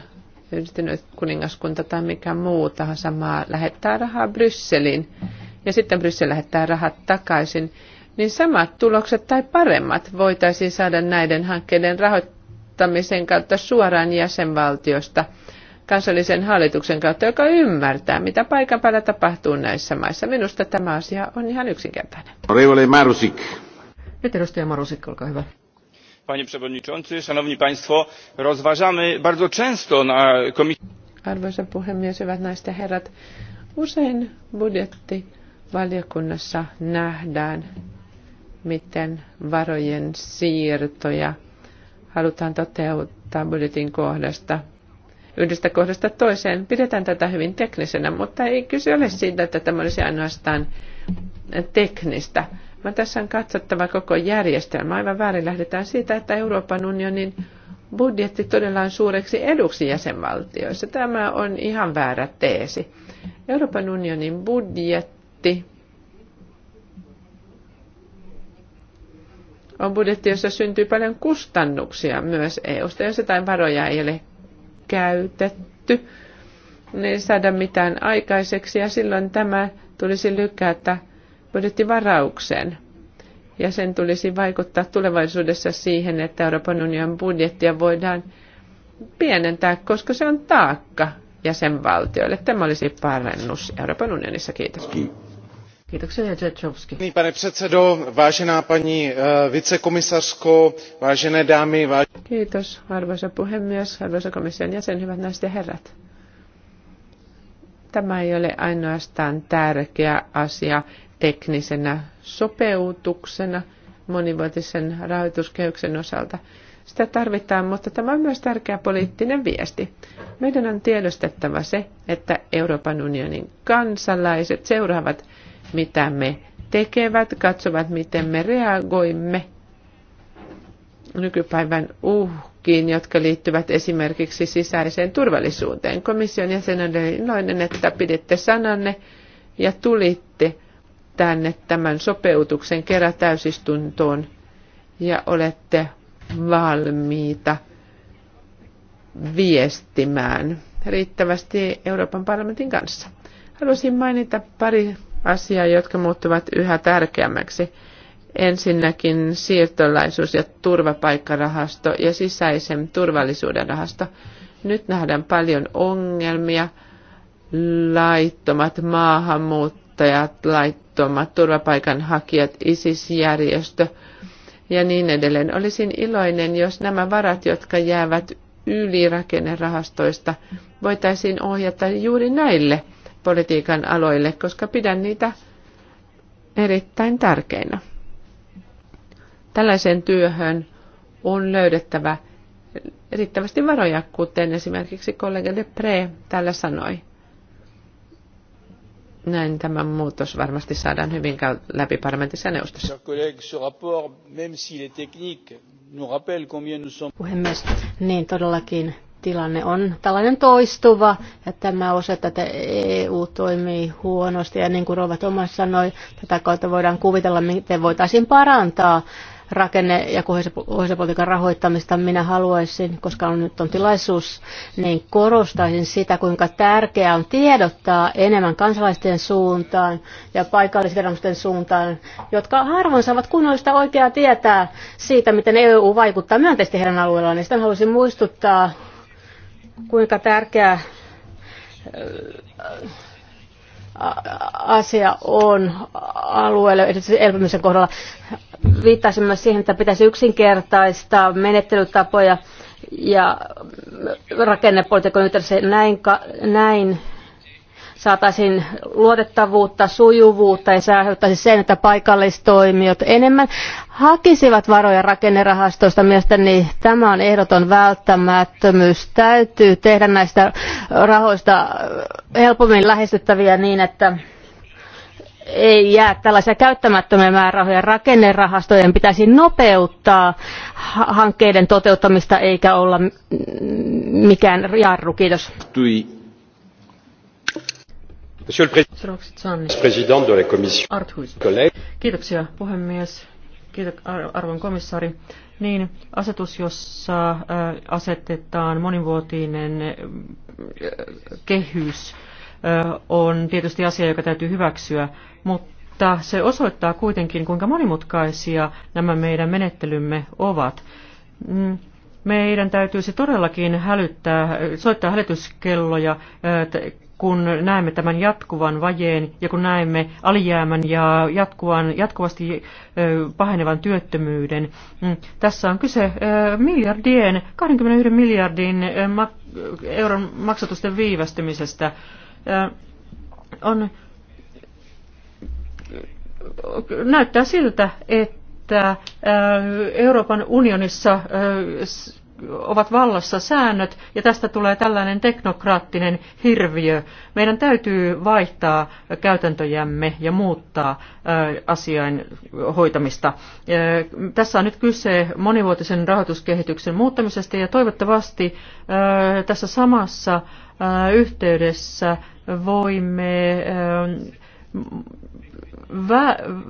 Speaker 1: yhdistynyt kuningaskunta tai mikä muu tahansa maa lähettää rahaa Brysseliin ja sitten Bryssel lähettää rahat takaisin, niin samat tulokset tai paremmat voitaisiin saada näiden hankkeiden rahoittamisen kautta suoraan jäsenvaltiosta kansallisen hallituksen kautta, joka ymmärtää, mitä paikan päällä tapahtuu näissä maissa. Minusta tämä asia on ihan yksinkertainen. Marusik. Nyt edustaja Marusik, olkaa hyvä
Speaker 2: panie przewodniczący szanowni państwo! rozważamy bardzo często na komisji.
Speaker 1: arvoisa puhemies hyvät naiset ja herrat usein budjettivaliokunnassa nähdään miten varojen siirtoja halutaan toteuttaa budjetin kohdasta yhdestä kohdasta toiseen. Pidetään tätä hyvin teknisenä, mutta ei kyse ole siitä, että tämä olisi ainoastaan teknistä. Mä tässä on katsottava koko järjestelmä. Aivan väärin lähdetään siitä, että Euroopan unionin budjetti todella on suureksi eduksi jäsenvaltioissa. Tämä on ihan väärä teesi. Euroopan unionin budjetti on budjetti, jossa syntyy paljon kustannuksia myös EUsta. Jos jotain varoja ei ole käytetty, niin ei saada mitään aikaiseksi ja silloin tämä tulisi lykätä budjettivaraukseen. Ja sen tulisi vaikuttaa tulevaisuudessa siihen, että Euroopan unionin budjettia voidaan pienentää, koska se on taakka jäsenvaltioille. Tämä olisi parannus Euroopan unionissa. Kiitos. Kiitos. Pane
Speaker 3: předsedající vážená paní eh, vicekomisařko, vážené dámy, vážení
Speaker 1: Kiitos, Tämä ei ole ainoastaan tärkeä asia teknisenä sopeutuksena monivuotisen rahoituskehyksen osalta. Sitä tarvitaan, mutta tämä on myös tärkeä poliittinen viesti. Meidän on tiedostettava se, että Euroopan unionin kansalaiset seuraavat mitä me tekevät, katsovat, miten me reagoimme nykypäivän uhkiin, jotka liittyvät esimerkiksi sisäiseen turvallisuuteen. Komission jäsen on iloinen, että piditte sananne ja tulitte tänne tämän sopeutuksen kerran täysistuntoon ja olette valmiita viestimään riittävästi Euroopan parlamentin kanssa. Haluaisin mainita pari asiaa, jotka muuttuvat yhä tärkeämmäksi. Ensinnäkin siirtolaisuus- ja turvapaikkarahasto ja sisäisen turvallisuuden rahasto. Nyt nähdään paljon ongelmia. Laittomat maahanmuuttajat, laittomat turvapaikanhakijat, ISIS-järjestö ja niin edelleen. Olisin iloinen, jos nämä varat, jotka jäävät yli rakennerahastoista, voitaisiin ohjata juuri näille – politiikan aloille, koska pidän niitä erittäin tärkeinä. Tällaiseen työhön on löydettävä riittävästi varoja, kuten esimerkiksi kollega De Pre täällä sanoi. Näin tämä muutos varmasti saadaan hyvin läpi parlamentissa neuvostossa.
Speaker 2: Puhemies, niin todellakin tilanne on tällainen toistuva ja tämä osoittaa, että EU e toimii huonosti ja niin kuin Rova Thomas sanoi, tätä kautta voidaan kuvitella, miten voitaisiin parantaa rakenne- ja kohesiopolitiikan rahoittamista minä haluaisin, koska on nyt on tilaisuus, niin korostaisin sitä, kuinka tärkeää on tiedottaa enemmän kansalaisten suuntaan ja paikallisviranomaisten suuntaan, jotka harvoin saavat kunnollista oikeaa tietää siitä, miten EU vaikuttaa myönteisesti heidän alueellaan. Ja haluaisin muistuttaa kuinka tärkeä asia on alueelle, erityisesti elpymisen kohdalla. Viittaisin myös siihen, että pitäisi yksinkertaistaa menettelytapoja ja rakennepolitiikan yhteydessä näin, näin saataisiin luotettavuutta, sujuvuutta ja se aiheuttaisi sen, että paikallistoimijat enemmän hakisivat varoja rakennerahastoista. Mielestäni tämä on ehdoton välttämättömyys. Täytyy tehdä näistä rahoista helpommin lähestyttäviä niin, että ei jää tällaisia käyttämättömiä määrärahoja. Rakennerahastojen pitäisi nopeuttaa hankkeiden toteuttamista eikä olla mikään jarru. Kiitos.
Speaker 3: Monsieur le Kiitoksia puhemies. Kiitos arvon komissaari. Niin, asetus, jossa äh, asetetaan monivuotinen äh, kehys, äh, on tietysti asia, joka täytyy hyväksyä, mutta se osoittaa kuitenkin, kuinka monimutkaisia nämä meidän menettelymme ovat. Mm, meidän täytyisi todellakin hälyttää, soittaa hälytyskelloja kun näemme tämän jatkuvan vajeen ja kun näemme alijäämän ja jatkuvan, jatkuvasti pahenevan työttömyyden. Mm, tässä on kyse miljardien, 21 miljardin euron maksatusten viivästymisestä. On, näyttää siltä, että Euroopan unionissa ovat vallassa säännöt ja tästä tulee tällainen teknokraattinen hirviö. Meidän täytyy vaihtaa käytäntöjämme ja muuttaa asian hoitamista. Tässä on nyt kyse monivuotisen rahoituskehityksen muuttamisesta ja toivottavasti tässä samassa yhteydessä voimme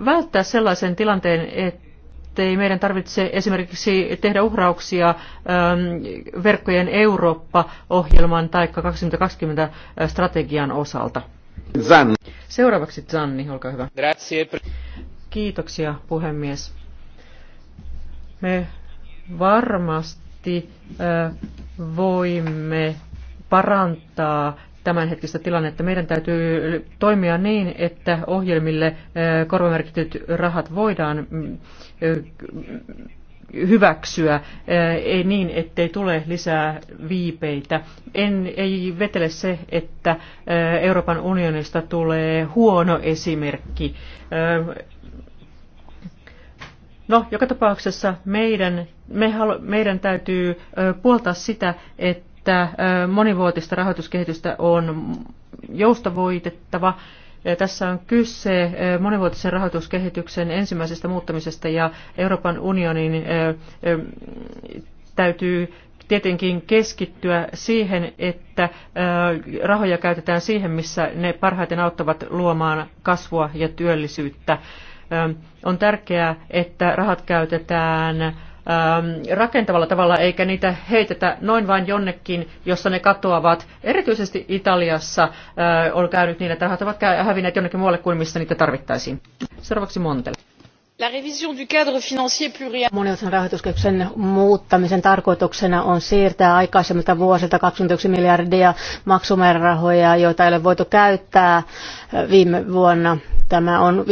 Speaker 3: välttää sellaisen tilanteen, että ettei meidän tarvitse esimerkiksi tehdä uhrauksia ähm, verkkojen Eurooppa-ohjelman tai 2020-strategian osalta. Zan. Seuraavaksi Zanni, olkaa hyvä. Grazie. Kiitoksia, puhemies. Me varmasti äh, voimme parantaa tämänhetkistä tilannetta. Meidän täytyy toimia niin, että ohjelmille korvamerkityt rahat voidaan hyväksyä, ei niin, ettei tule lisää viipeitä. En, ei vetele se, että Euroopan unionista tulee huono esimerkki. No, joka tapauksessa meidän, me halu, meidän täytyy puoltaa sitä, että että monivuotista rahoituskehitystä on joustavoitettava. Tässä on kyse monivuotisen rahoituskehityksen ensimmäisestä muuttamisesta ja Euroopan unionin täytyy tietenkin keskittyä siihen, että rahoja käytetään siihen, missä ne parhaiten auttavat luomaan kasvua ja työllisyyttä. On tärkeää, että rahat käytetään Ähm, rakentavalla tavalla, eikä niitä heitetä noin vain jonnekin, jossa ne katoavat. Erityisesti Italiassa äh, on käynyt niin, että rahat ovat hävinneet jonnekin muualle kuin missä niitä tarvittaisiin. Seuraavaksi Montel
Speaker 2: monivuotisen rahoituskehyksen muuttamisen tarkoituksena on siirtää aikaisemmilta vuosilta kaksikymmentäyksi miljardia maksumäärärahoja joita ei ole voitu käyttää viime vuonna. tämä on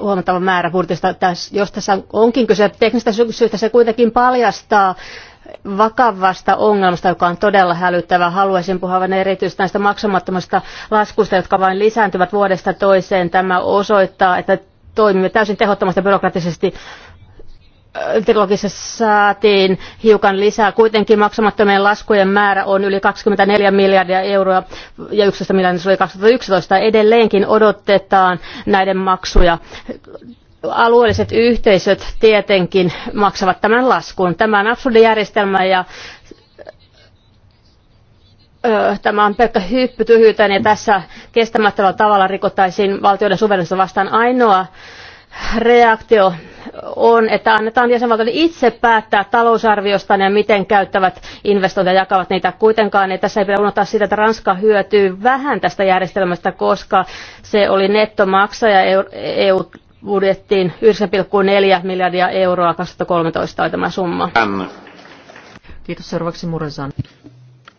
Speaker 2: huomattava määrä budjetista. jos tässä onkin kyse teknisistä syystä, se kuitenkin paljastaa vakavasta ongelmasta, joka on todella hälyttävä. Haluaisin puhua vain erityisesti näistä maksamattomista laskuista, jotka vain lisääntyvät vuodesta toiseen. Tämä osoittaa, että toimimme täysin tehottomasti byrokraattisesti teknologisessa saatiin hiukan lisää. Kuitenkin maksamattomien laskujen määrä on yli 24 miljardia euroa ja 11 miljardia se oli 2011. Edelleenkin odotetaan näiden maksuja. Alueelliset yhteisöt tietenkin maksavat tämän laskun. Tämä on absurdi järjestelmä ja tämä on pelkkä hyppy tyhjyyteen ja tässä kestämättömällä tavalla rikottaisiin valtioiden suverenisuutta vastaan. Ainoa reaktio on, että annetaan jäsenvaltioiden itse päättää talousarviosta, ja miten käyttävät investointeja ja jakavat niitä. Kuitenkaan ei tässä ei pidä unohtaa sitä, että Ranska hyötyy vähän tästä järjestelmästä, koska se oli nettomaksaja EU budjettiin 9,4 miljardia euroa 2013 oli tämä summa. Kiitos seuraavaksi Muresan.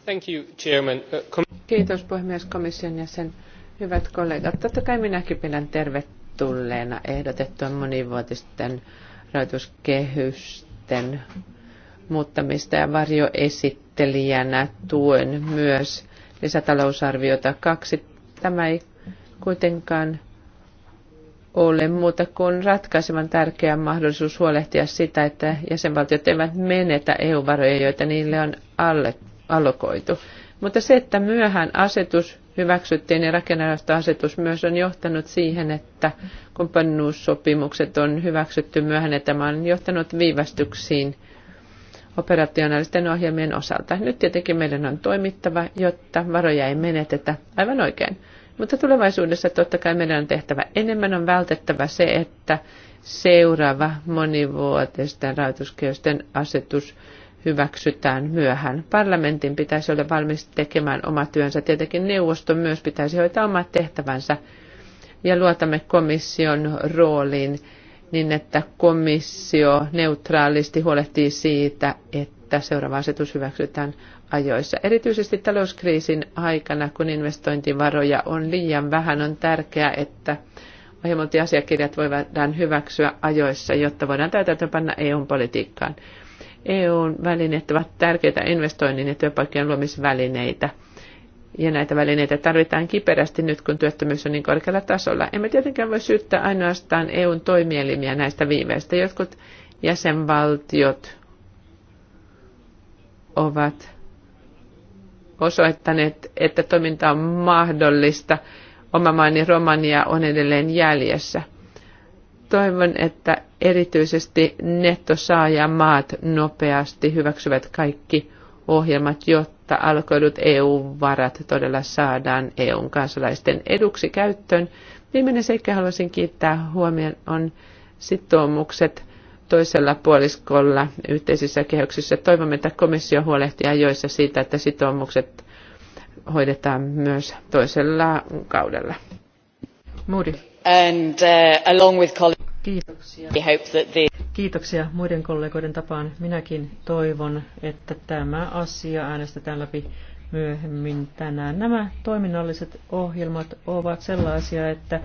Speaker 1: Uh, Kiitos puhemies komission jäsen. Hyvät kollegat, totta kai minäkin pidän tervetulleena ehdotettua monivuotisten rahoituskehysten muuttamista ja varjoesittelijänä tuen myös lisätalousarviota kaksi. Tämä ei kuitenkaan ole muuta kuin ratkaisevan tärkeä mahdollisuus huolehtia sitä, että jäsenvaltiot eivät menetä EU-varoja, joita niille on alle allokoitu. Mutta se, että myöhään asetus hyväksyttiin ja asetus myös on johtanut siihen, että kumppanuussopimukset on hyväksytty myöhään ja tämä on johtanut viivästyksiin operationaalisten ohjelmien osalta. Nyt tietenkin meidän on toimittava, jotta varoja ei menetetä aivan oikein. Mutta tulevaisuudessa totta kai meidän on tehtävä enemmän, on vältettävä se, että seuraava monivuotisten rahoituskehysten asetus hyväksytään myöhään. Parlamentin pitäisi olla valmis tekemään oma työnsä. Tietenkin neuvoston myös pitäisi hoitaa omat tehtävänsä ja luotamme komission rooliin niin, että komissio neutraalisti huolehtii siitä, että seuraava asetus hyväksytään ajoissa. Erityisesti talouskriisin aikana, kun investointivaroja on liian vähän, on tärkeää, että ohjelmointiasiakirjat voidaan hyväksyä ajoissa, jotta voidaan täytäntöönpanna EU-politiikkaan. EUn välineet ovat tärkeitä investoinnin ja työpaikkojen luomisvälineitä. Ja näitä välineitä tarvitaan kiperästi nyt, kun työttömyys on niin korkealla tasolla. Emme tietenkään voi syyttää ainoastaan EUn toimielimiä näistä viiveistä. Jotkut jäsenvaltiot ovat osoittaneet, että toiminta on mahdollista. Oma maani Romania on edelleen jäljessä. Toivon, että erityisesti nettosaajamaat nopeasti hyväksyvät kaikki ohjelmat, jotta alkoidut EU-varat todella saadaan EUn kansalaisten eduksi käyttöön. Viimeinen seikka haluaisin kiittää huomioon on sitoumukset toisella puoliskolla yhteisissä kehyksissä. Toivomme, että komissio huolehtii ajoissa siitä, että sitoumukset hoidetaan myös toisella kaudella.
Speaker 3: Moody. And, uh, along with Kiitoksia. Kiitoksia muiden kollegoiden tapaan. Minäkin toivon, että tämä asia äänestetään läpi myöhemmin tänään. Nämä toiminnalliset ohjelmat ovat sellaisia, että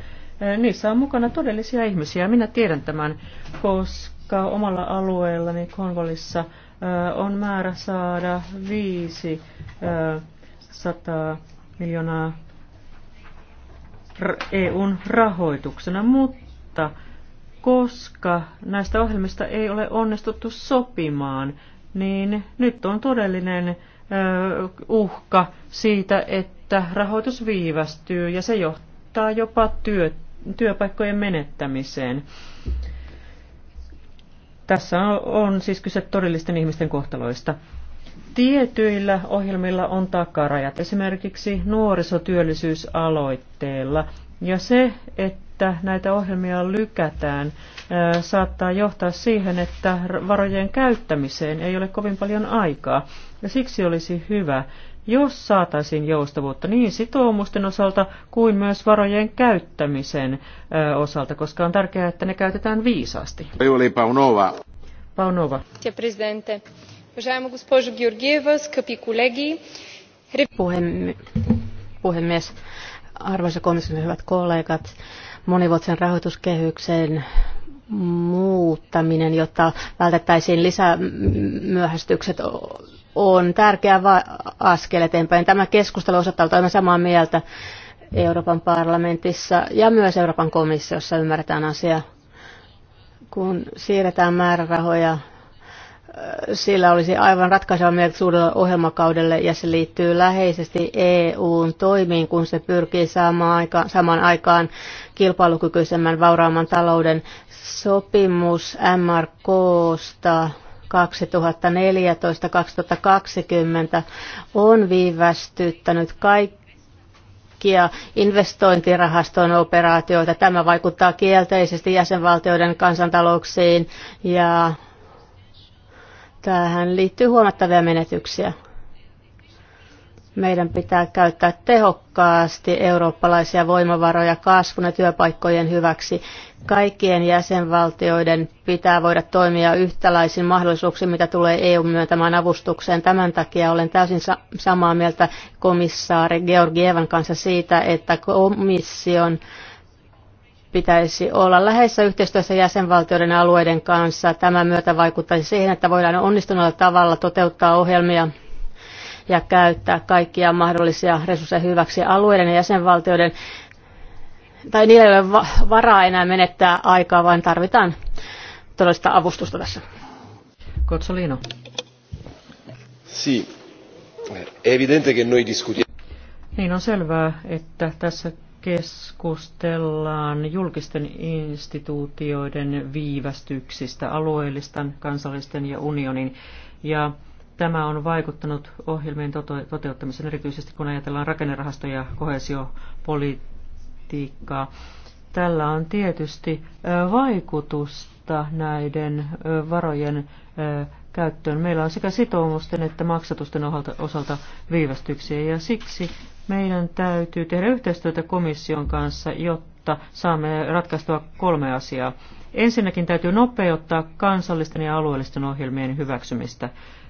Speaker 3: eh, niissä on mukana todellisia ihmisiä. Minä tiedän tämän, koska omalla alueellani Konvolissa eh, on määrä saada 500 eh, miljoonaa EUn rahoituksena, mutta koska näistä ohjelmista ei ole onnistuttu sopimaan, niin nyt on todellinen uhka siitä, että rahoitus viivästyy ja se johtaa jopa työ, työpaikkojen menettämiseen. Tässä on, on siis kyse todellisten ihmisten kohtaloista. Tietyillä ohjelmilla on takarajat, esimerkiksi nuorisotyöllisyysaloitteella. Ja se, että näitä ohjelmia lykätään, saattaa johtaa siihen, että varojen käyttämiseen ei ole kovin paljon aikaa. Ja siksi olisi hyvä, jos saataisiin joustavuutta niin sitoumusten osalta kuin myös varojen käyttämisen osalta, koska on tärkeää, että ne käytetään viisaasti.
Speaker 2: Paunova. Paunova. Presidente. Puhemies, arvoisa komission hyvät kollegat, monivuotisen rahoituskehyksen muuttaminen, jotta vältettäisiin lisämyöhästykset, on tärkeä askel eteenpäin. Tämä keskustelu osoittaa olemme samaa mieltä Euroopan parlamentissa ja myös Euroopan komissiossa ymmärretään asia. Kun siirretään määrärahoja sillä olisi aivan ratkaiseva merkitys uudelle ohjelmakaudelle ja se liittyy läheisesti EUn toimiin, kun se pyrkii saamaan aika, saman aikaan kilpailukykyisemmän vauraamman talouden sopimus MRKsta 2014-2020 on viivästyttänyt kaikki kaikkia investointirahaston operaatioita. Tämä vaikuttaa kielteisesti jäsenvaltioiden kansantalouksiin ja Tähän liittyy huomattavia menetyksiä. Meidän pitää käyttää tehokkaasti eurooppalaisia voimavaroja kasvun ja työpaikkojen hyväksi. Kaikkien jäsenvaltioiden pitää voida toimia yhtäläisin mahdollisuuksin, mitä tulee EU myöntämään avustukseen. Tämän takia olen täysin samaa mieltä komissaari Georgievan kanssa siitä, että komission pitäisi olla läheisessä yhteistyössä jäsenvaltioiden ja alueiden kanssa. Tämän myötä vaikuttaisi siihen, että voidaan onnistuneella tavalla toteuttaa ohjelmia ja käyttää kaikkia mahdollisia resursseja hyväksi alueiden ja jäsenvaltioiden tai niillä ei ole varaa enää menettää aikaa, vaan tarvitaan todellista avustusta tässä. Kotsolino. Si, è evidente che noi discutiamo.
Speaker 3: Niin on selvää, että tässä keskustellaan julkisten instituutioiden viivästyksistä, alueellisten, kansallisten ja unionin. Ja tämä on vaikuttanut ohjelmien toteuttamiseen, erityisesti kun ajatellaan rakennerahastoja ja kohesiopolitiikkaa. Tällä on tietysti vaikutusta näiden varojen käyttöön. Meillä on sekä sitoumusten että maksatusten osalta viivästyksiä ja siksi meidän täytyy tehdä yhteistyötä komission kanssa, jotta saamme ratkaistua kolme asiaa. Ensinnäkin täytyy nopeuttaa kansallisten ja alueellisten ohjelmien hyväksymistä.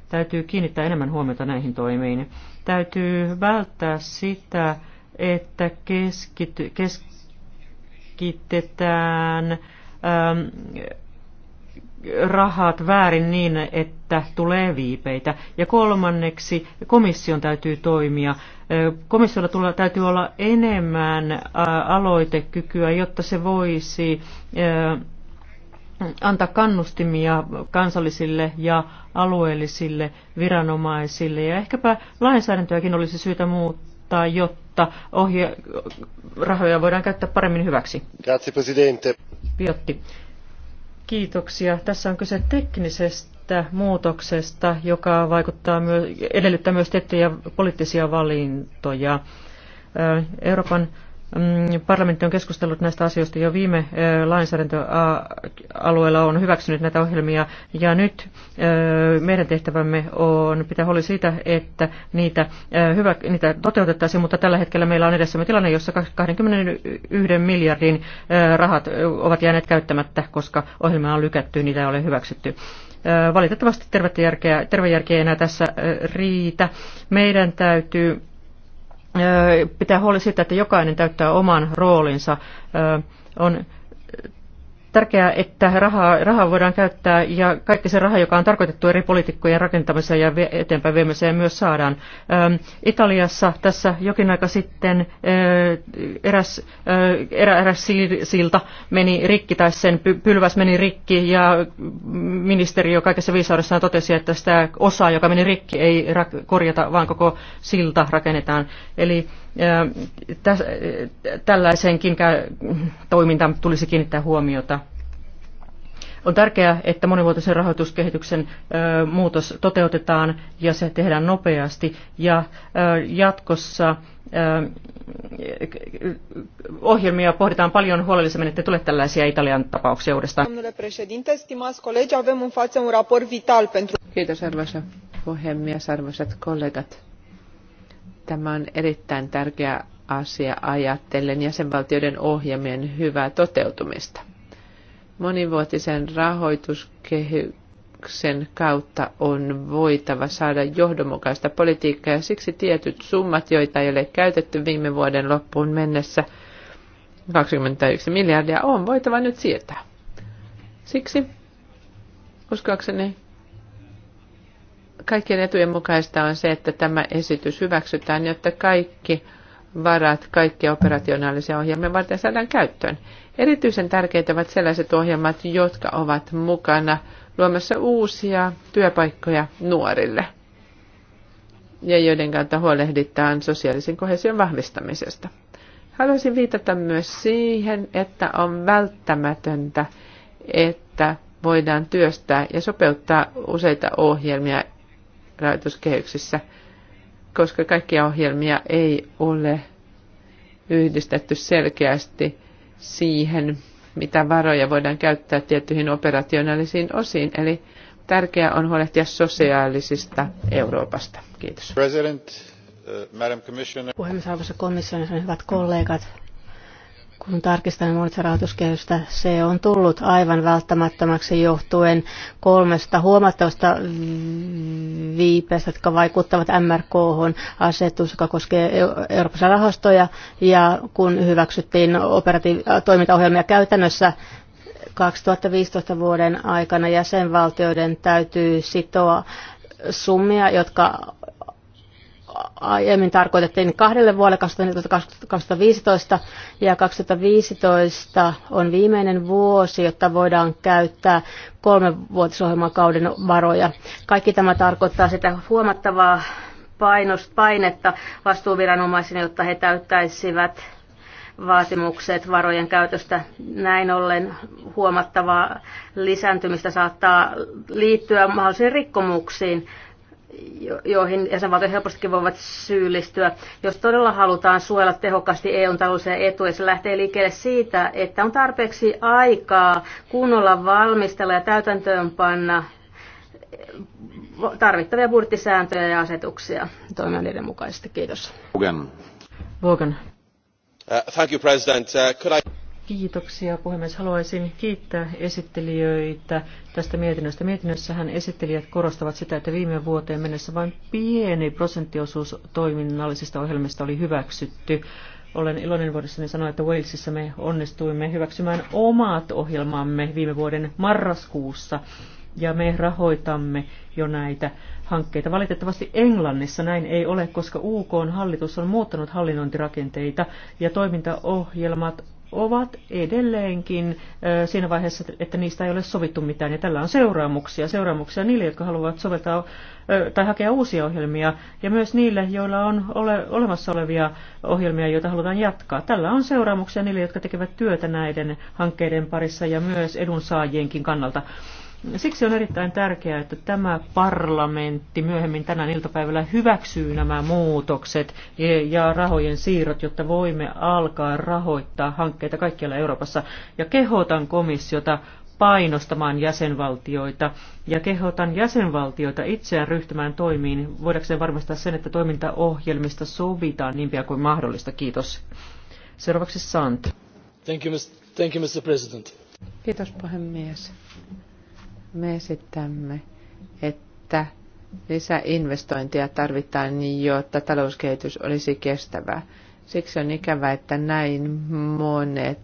Speaker 3: Täytyy kiinnittää enemmän huomiota näihin toimiin. Täytyy välttää sitä, että keskity, keskitetään ähm, rahat väärin niin, että tulee viipeitä. Ja kolmanneksi komission täytyy toimia. Komissiolla tulee, täytyy olla enemmän aloitekykyä, jotta se voisi antaa kannustimia kansallisille ja alueellisille viranomaisille. Ja ehkäpä lainsäädäntöäkin olisi syytä muuttaa, jotta ohje- rahoja voidaan käyttää paremmin hyväksi. Grazie, Presidente. Piotti. Kiitoksia. Tässä on kyse teknisestä muutoksesta, joka vaikuttaa myö, edellyttää myös tiettyjä poliittisia valintoja. Euroopan Mm, parlamentti on keskustellut näistä asioista jo viime lainsäädäntöalueella, on hyväksynyt näitä ohjelmia ja nyt meidän tehtävämme on pitää huoli siitä, että niitä, hyvä, niitä toteutettaisiin, mutta tällä hetkellä meillä on edessämme tilanne, jossa 21 miljardin rahat ovat jääneet käyttämättä, koska ohjelma on lykätty, niitä ei ole hyväksytty. Valitettavasti tervejärkeä, tervejärkeä ei enää tässä riitä. Meidän täytyy pitää huoli siitä, että jokainen täyttää oman roolinsa. On tärkeää, että rahaa, rahaa voidaan käyttää ja kaikki se raha, joka on tarkoitettu eri poliitikkojen rakentamiseen ja eteenpäin viemiseen myös saadaan. Ähm, Italiassa tässä jokin aika sitten äh, eräs, äh, erä, eräs silta meni rikki tai sen pylväs meni rikki ja ministeri, jo kaikessa viisaudessaan totesi, että sitä osaa, joka meni rikki, ei korjata, vaan koko silta rakennetaan. Eli tällaiseenkin toimintaan tulisi kiinnittää huomiota. On tärkeää, että monivuotisen rahoituskehityksen muutos toteutetaan ja se tehdään nopeasti ja jatkossa ohjelmia pohditaan paljon huolellisemmin, ettei tule tällaisia Italian tapauksia uudestaan.
Speaker 1: Kiitos arvoisa puhemies, arvoisat kollegat Tämä on erittäin tärkeä asia ajatellen jäsenvaltioiden ohjelmien hyvää toteutumista. Monivuotisen rahoituskehyksen kautta on voitava saada johdonmukaista politiikkaa ja siksi tietyt summat, joita ei ole käytetty viime vuoden loppuun mennessä, 21 miljardia, on voitava nyt siirtää. Siksi uskoakseni kaikkien etujen mukaista on se, että tämä esitys hyväksytään, jotta kaikki varat, kaikkia operationaalisia ohjelmia varten saadaan käyttöön. Erityisen tärkeitä ovat sellaiset ohjelmat, jotka ovat mukana luomassa uusia työpaikkoja nuorille ja joiden kautta huolehditaan sosiaalisen kohesion vahvistamisesta. Haluaisin viitata myös siihen, että on välttämätöntä, että voidaan työstää ja sopeuttaa useita ohjelmia rahoituskehyksissä, koska kaikkia ohjelmia ei ole yhdistetty selkeästi siihen, mitä varoja voidaan käyttää tiettyihin operationaalisiin osiin. Eli tärkeää on huolehtia sosiaalisista Euroopasta. Kiitos. President, uh, Madam Commissioner.
Speaker 2: Puhemies, arvoisa komissio, hyvät kollegat kun tarkistamme rahoituskehystä se on tullut aivan välttämättömäksi johtuen kolmesta huomattavasta viipestä, jotka vaikuttavat MRK-asetus, joka koskee Euroopan rahastoja, ja kun hyväksyttiin operatiiv- toimintaohjelmia käytännössä 2015 vuoden aikana jäsenvaltioiden täytyy sitoa summia, jotka aiemmin tarkoitettiin kahdelle vuodelle 2015 ja 2015 on viimeinen vuosi, jotta voidaan käyttää kolmenvuotisohjelmakauden varoja. Kaikki tämä tarkoittaa sitä huomattavaa painost, painetta vastuuviranomaisille, jotta he täyttäisivät vaatimukset varojen käytöstä. Näin ollen huomattavaa lisääntymistä saattaa liittyä mahdollisiin rikkomuksiin joihin jäsenvaltiot helpostikin voivat syyllistyä. Jos todella halutaan suojella tehokkaasti EUn taloudellisia etuja, se lähtee liikkeelle siitä, että on tarpeeksi aikaa kunnolla valmistella ja täytäntöönpanna tarvittavia budjettisääntöjä ja asetuksia toimia niiden mukaisesti. Kiitos.
Speaker 3: Vogan.
Speaker 1: Uh, thank you, President. Uh, could I...
Speaker 3: Kiitoksia puhemies. Haluaisin kiittää esittelijöitä tästä mietinnöstä. Mietinnössähän esittelijät korostavat sitä, että viime vuoteen mennessä vain pieni prosenttiosuus toiminnallisista ohjelmista oli hyväksytty. Olen iloinen vuodessani sanoa, että Walesissa me onnistuimme hyväksymään omat ohjelmamme viime vuoden marraskuussa ja me rahoitamme jo näitä hankkeita. Valitettavasti Englannissa näin ei ole, koska UK on hallitus on muuttanut hallinnointirakenteita ja toimintaohjelmat ovat edelleenkin siinä vaiheessa, että niistä ei ole sovittu mitään. Ja tällä on seuraamuksia, seuraamuksia niille, jotka haluavat soveltaa tai hakea uusia ohjelmia, ja myös niille, joilla on ole, olemassa olevia ohjelmia, joita halutaan jatkaa. Tällä on seuraamuksia niille, jotka tekevät työtä näiden hankkeiden parissa ja myös edunsaajienkin kannalta. Siksi on erittäin tärkeää, että tämä parlamentti myöhemmin tänään iltapäivällä hyväksyy nämä muutokset ja rahojen siirrot, jotta voimme alkaa rahoittaa hankkeita kaikkialla Euroopassa. Ja kehotan komissiota painostamaan jäsenvaltioita ja kehotan jäsenvaltioita itseään ryhtymään toimiin, voidakseen varmistaa sen, että toimintaohjelmista sovitaan niin pian kuin mahdollista. Kiitos. Seuraavaksi Sant. Thank you, Mr. President.
Speaker 1: Kiitos puhemies. Me esittämme, että lisäinvestointia tarvitaan, jotta talouskehitys olisi kestävää. Siksi on ikävää, että näin monet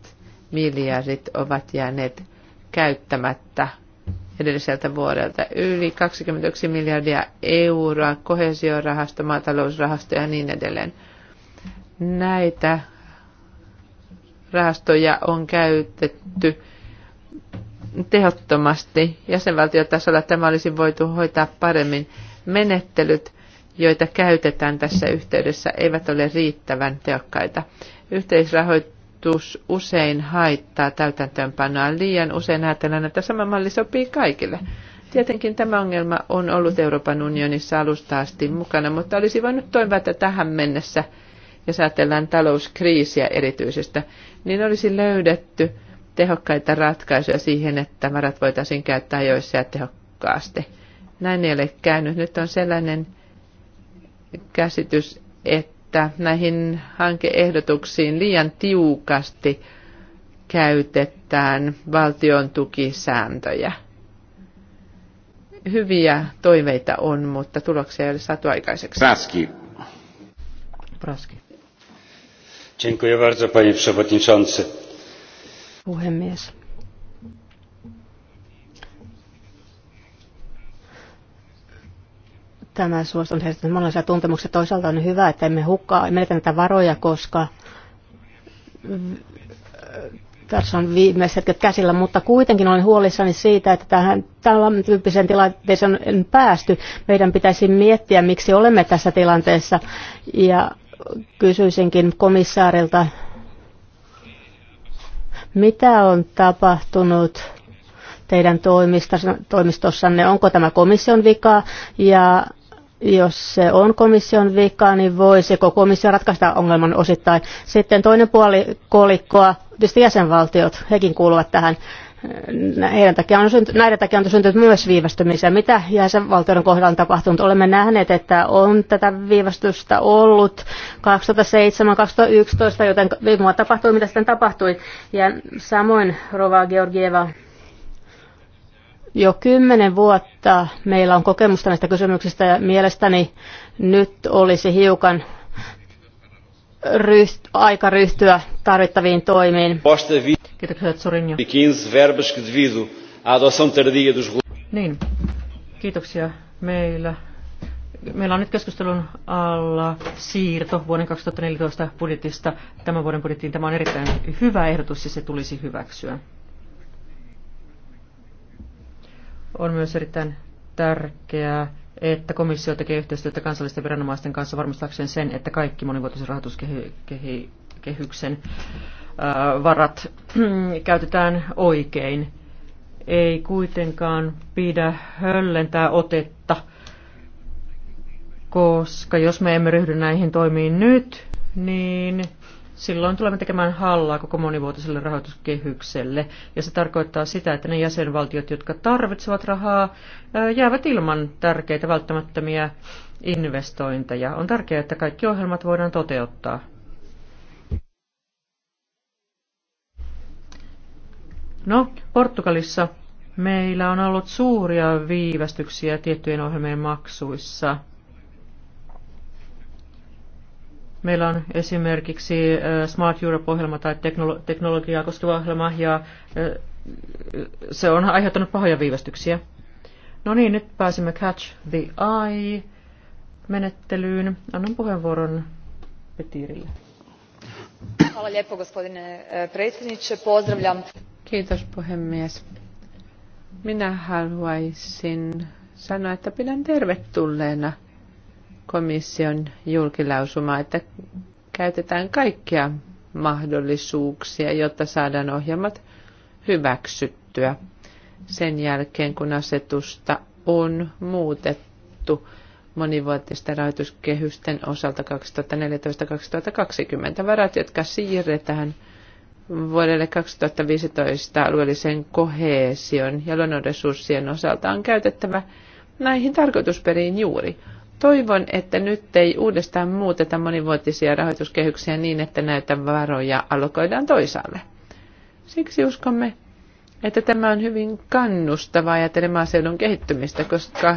Speaker 1: miljardit ovat jääneet käyttämättä edelliseltä vuodelta. Yli 21 miljardia euroa, kohesiorahasto, maatalousrahasto ja niin edelleen. Näitä rahastoja on käytetty tehottomasti. Jäsenvaltiotasolla tämä olisi voitu hoitaa paremmin. Menettelyt, joita käytetään tässä yhteydessä, eivät ole riittävän tehokkaita. Yhteisrahoitus usein haittaa täytäntöönpanoa. Liian usein ajatellaan, että sama malli sopii kaikille. Tietenkin tämä ongelma on ollut Euroopan unionissa alusta asti mukana, mutta olisi voinut toivoa, että tähän mennessä, jos ajatellaan talouskriisiä erityisesti, niin olisi löydetty – tehokkaita ratkaisuja siihen, että varat voitaisiin käyttää ajoissa ja tehokkaasti. Näin ei ole käynyt. Nyt on sellainen käsitys, että näihin hankeehdotuksiin liian tiukasti käytetään valtion tukisääntöjä. Hyviä toiveita on, mutta tuloksia ei ole saatu aikaiseksi. Praski. Praski.
Speaker 3: Dziękuję bardzo, panie przewodniczący
Speaker 2: Puhemies. Tämä suosta on herättänyt monenlaisia tuntemuksia. Toisaalta on hyvä, että emme hukkaa, menetä näitä varoja, koska tässä on viimeiset hetket käsillä, mutta kuitenkin olen huolissani siitä, että tähän tämän tyyppiseen tilanteeseen on päästy. Meidän pitäisi miettiä, miksi olemme tässä tilanteessa. Ja kysyisinkin komissaarilta, mitä on tapahtunut teidän toimistossanne? Onko tämä komission vika? Ja jos se on komission vika, niin voisiko komissio ratkaista ongelman osittain. Sitten toinen puoli kolikkoa, tietysti jäsenvaltiot, hekin kuuluvat tähän takia on synty, näiden takia on syntynyt myös viivästymisiä. Mitä jäsenvaltioiden kohdalla on tapahtunut? Olemme nähneet, että on tätä viivästystä ollut 2007-2011, joten viime vuonna tapahtui, mitä sitten tapahtui. Ja samoin Rova Georgieva, jo kymmenen vuotta meillä on kokemusta näistä kysymyksistä ja mielestäni nyt olisi hiukan ryht, aika ryhtyä tarvittaviin toimiin.
Speaker 1: 15
Speaker 3: Niin, kiitoksia meillä. Meillä on nyt keskustelun alla siirto vuoden 2014 budjetista tämän vuoden budjettiin. Tämä on erittäin hyvä ehdotus ja se tulisi hyväksyä. On myös erittäin tärkeää, että komissio tekee yhteistyötä kansallisten viranomaisten kanssa varmistaakseen sen, että kaikki monivuotisen rahoituskehyksen varat käytetään oikein. Ei kuitenkaan pidä höllentää otetta, koska jos me emme ryhdy näihin toimiin nyt, niin silloin tulemme tekemään hallaa koko monivuotiselle rahoituskehykselle. Ja se tarkoittaa sitä, että ne jäsenvaltiot, jotka tarvitsevat rahaa, jäävät ilman tärkeitä välttämättömiä investointeja. On tärkeää, että kaikki ohjelmat voidaan toteuttaa. No, Portugalissa meillä on ollut suuria viivästyksiä tiettyjen ohjelmien maksuissa. Meillä on esimerkiksi eh, Smart Europe-ohjelma tai teknologiaa koskeva ohjelma, ja eh, se on aiheuttanut pahoja viivästyksiä. No niin, nyt pääsemme Catch the Eye-menettelyyn. Annan puheenvuoron Petirille.
Speaker 2: Hvala lijepo gospodine eh, predsjedniče. Pozdravljam
Speaker 1: Kiitos puhemies. Minä haluaisin sanoa, että pidän tervetulleena komission julkilausumaa, että käytetään kaikkia mahdollisuuksia, jotta saadaan ohjelmat hyväksyttyä sen jälkeen, kun asetusta on muutettu monivuotisten rahoituskehysten osalta 2014-2020 varat, jotka siirretään – vuodelle 2015 alueellisen koheesion ja luonnonresurssien osalta on käytettävä näihin tarkoitusperiin juuri. Toivon, että nyt ei uudestaan muuteta monivuotisia rahoituskehyksiä niin, että näitä varoja alokoidaan toisaalle. Siksi uskomme, että tämä on hyvin kannustava ajatellen maaseudun kehittymistä, koska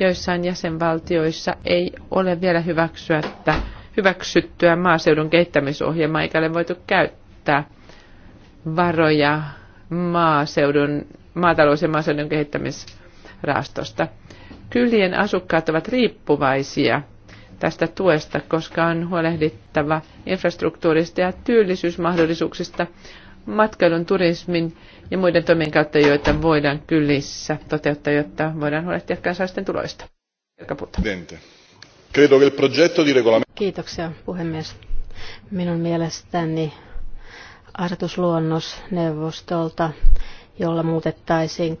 Speaker 1: joissain jäsenvaltioissa ei ole vielä hyväksyttyä maaseudun kehittämisohjelmaa eikä ole voitu käyttää käyttää varoja maaseudun, maatalous- ja maaseudun kehittämisrahastosta. Kylien asukkaat ovat riippuvaisia tästä tuesta, koska on huolehdittava infrastruktuurista ja työllisyysmahdollisuuksista matkailun, turismin ja muiden toimien kautta, joita voidaan kylissä toteuttaa, jotta voidaan huolehtia kansalaisten tuloista. Kiitoksia puhemies. Minun mielestäni
Speaker 2: asetusluonnos neuvostolta, jolla muutettaisiin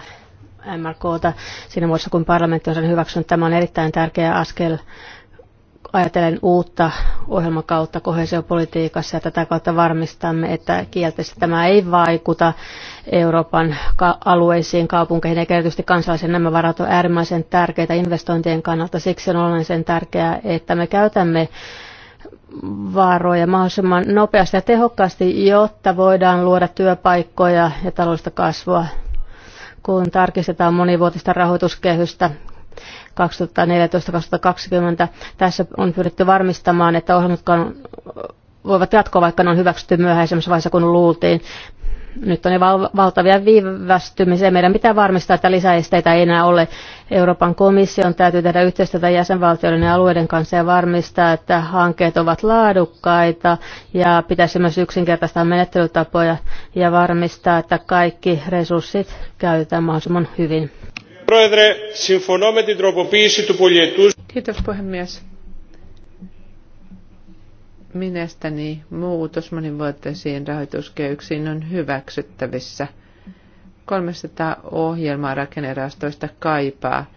Speaker 2: 2014-2020 MRK. siinä muodossa, kun parlamentti on sen hyväksynyt. Tämä on erittäin tärkeä askel ajatellen uutta ohjelmakautta kohesiopolitiikassa ja tätä kautta varmistamme, että kielteisesti tämä ei vaikuta Euroopan alueisiin, kaupunkeihin ja erityisesti kansalaisen nämä varat ovat äärimmäisen tärkeitä investointien kannalta. Siksi on olennaisen tärkeää, että me käytämme varoja mahdollisimman nopeasti ja tehokkaasti, jotta voidaan luoda työpaikkoja ja taloudellista kasvua, kun tarkistetaan monivuotista rahoituskehystä 2014-2020. Tässä on pyritty varmistamaan, että ohjelmat voivat jatkoa, vaikka ne on hyväksytty myöhäisemmässä vaiheessa kuin luultiin. Nyt on jo valtavia viivästymisiä. Meidän pitää varmistaa, että lisäesteitä ei enää ole. Euroopan komission täytyy tehdä yhteistyötä jäsenvaltioiden ja alueiden kanssa ja varmistaa, että hankkeet ovat laadukkaita ja pitäisi myös yksinkertaistaa menettelytapoja ja varmistaa, että kaikki resurssit käytetään mahdollisimman hyvin.
Speaker 1: Kiitos puhemies minestäni muutos monivuotisiin rahoituskehyksiin on hyväksyttävissä. 300 ohjelmaa rakennerastoista kaipaa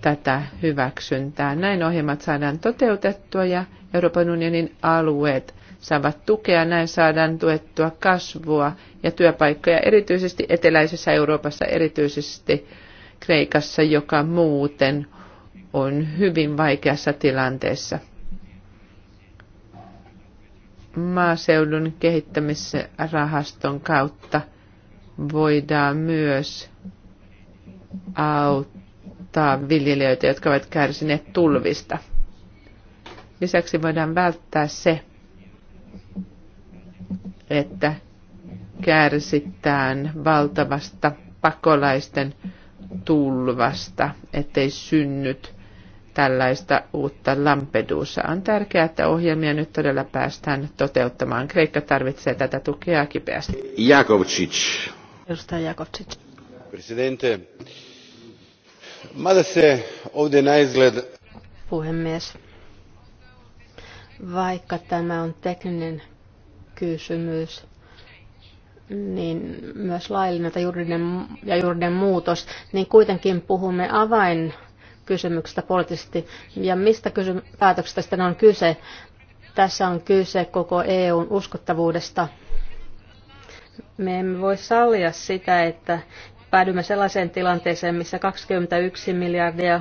Speaker 1: tätä hyväksyntää. Näin ohjelmat saadaan toteutettua ja Euroopan unionin alueet saavat tukea. Näin saadaan tuettua kasvua ja työpaikkoja erityisesti eteläisessä Euroopassa, erityisesti Kreikassa, joka muuten on hyvin vaikeassa tilanteessa maaseudun kehittämisrahaston kautta voidaan myös auttaa viljelijöitä, jotka ovat kärsineet tulvista. Lisäksi voidaan välttää se, että kärsitään valtavasta pakolaisten tulvasta, ettei synnyt tällaista uutta Lampedusaa. On tärkeää, että ohjelmia nyt todella päästään toteuttamaan. Kreikka tarvitsee tätä tukea kipeästi.
Speaker 2: Jakovcic.
Speaker 1: Edustaja Jakovcic. Presidente, mada se ovdje naizgled...
Speaker 2: Puhemies, vaikka tämä on tekninen kysymys, niin myös laillinen tai juridinen, ja juridinen muutos, niin kuitenkin puhumme avain kysymyksestä poliittisesti ja mistä kysym- päätöksestä sitten on kyse. Tässä on kyse koko EUn uskottavuudesta. Me emme voi sallia sitä, että päädymme sellaiseen tilanteeseen, missä 21 miljardia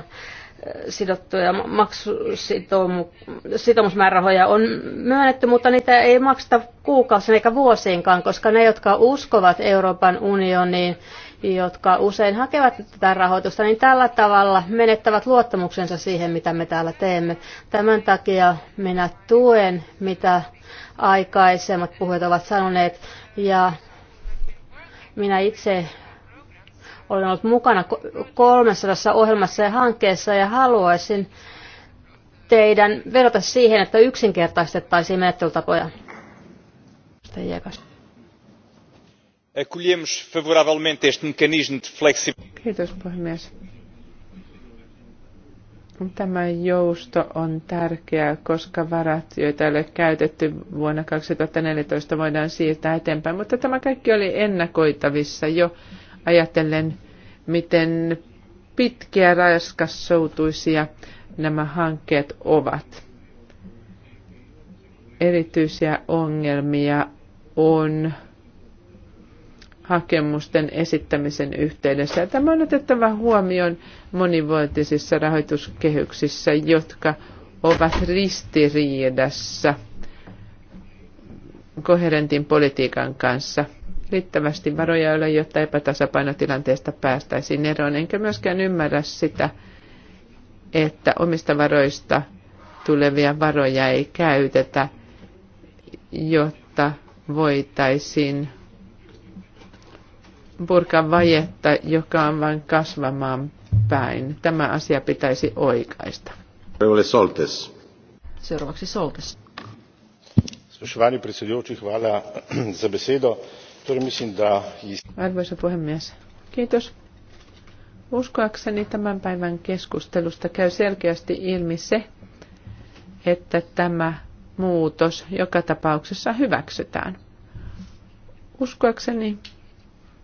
Speaker 2: sidottuja maksusitoumusmäärärahoja on myönnetty, mutta niitä ei makseta kuukausien eikä vuosiinkaan, koska ne, jotka uskovat Euroopan unioniin, jotka usein hakevat tätä rahoitusta, niin tällä tavalla menettävät luottamuksensa siihen, mitä me täällä teemme. Tämän takia minä tuen, mitä aikaisemmat puhujat ovat sanoneet, ja minä itse olen ollut mukana tässä ohjelmassa ja hankkeessa ja haluaisin teidän vedota siihen, että yksinkertaistettaisiin
Speaker 1: menettelytapoja. Kiitos puhemies. Tämä jousto on tärkeää, koska varat, joita ei ole käytetty vuonna 2014, voidaan siirtää eteenpäin. Mutta tämä kaikki oli ennakoitavissa jo ajatellen, miten pitkiä raskassoutuisia nämä hankkeet ovat. Erityisiä ongelmia on hakemusten esittämisen yhteydessä. tämä on otettava huomioon monivuotisissa rahoituskehyksissä, jotka ovat ristiriidassa koherentin politiikan kanssa – riittävästi varoja ole, jotta epätasapainotilanteesta päästäisiin eroon. Enkä myöskään ymmärrä sitä, että omista varoista tulevia varoja ei käytetä, jotta voitaisiin purkaa vajetta, joka on vain kasvamaan päin. Tämä asia pitäisi oikaista. Soltes. Seuraavaksi Soltes. Spoštovani predsedujoči, hvala za besedo. Arvoisa puhemies, kiitos. Uskoakseni tämän päivän keskustelusta käy selkeästi ilmi se, että tämä muutos joka tapauksessa hyväksytään. Uskoakseni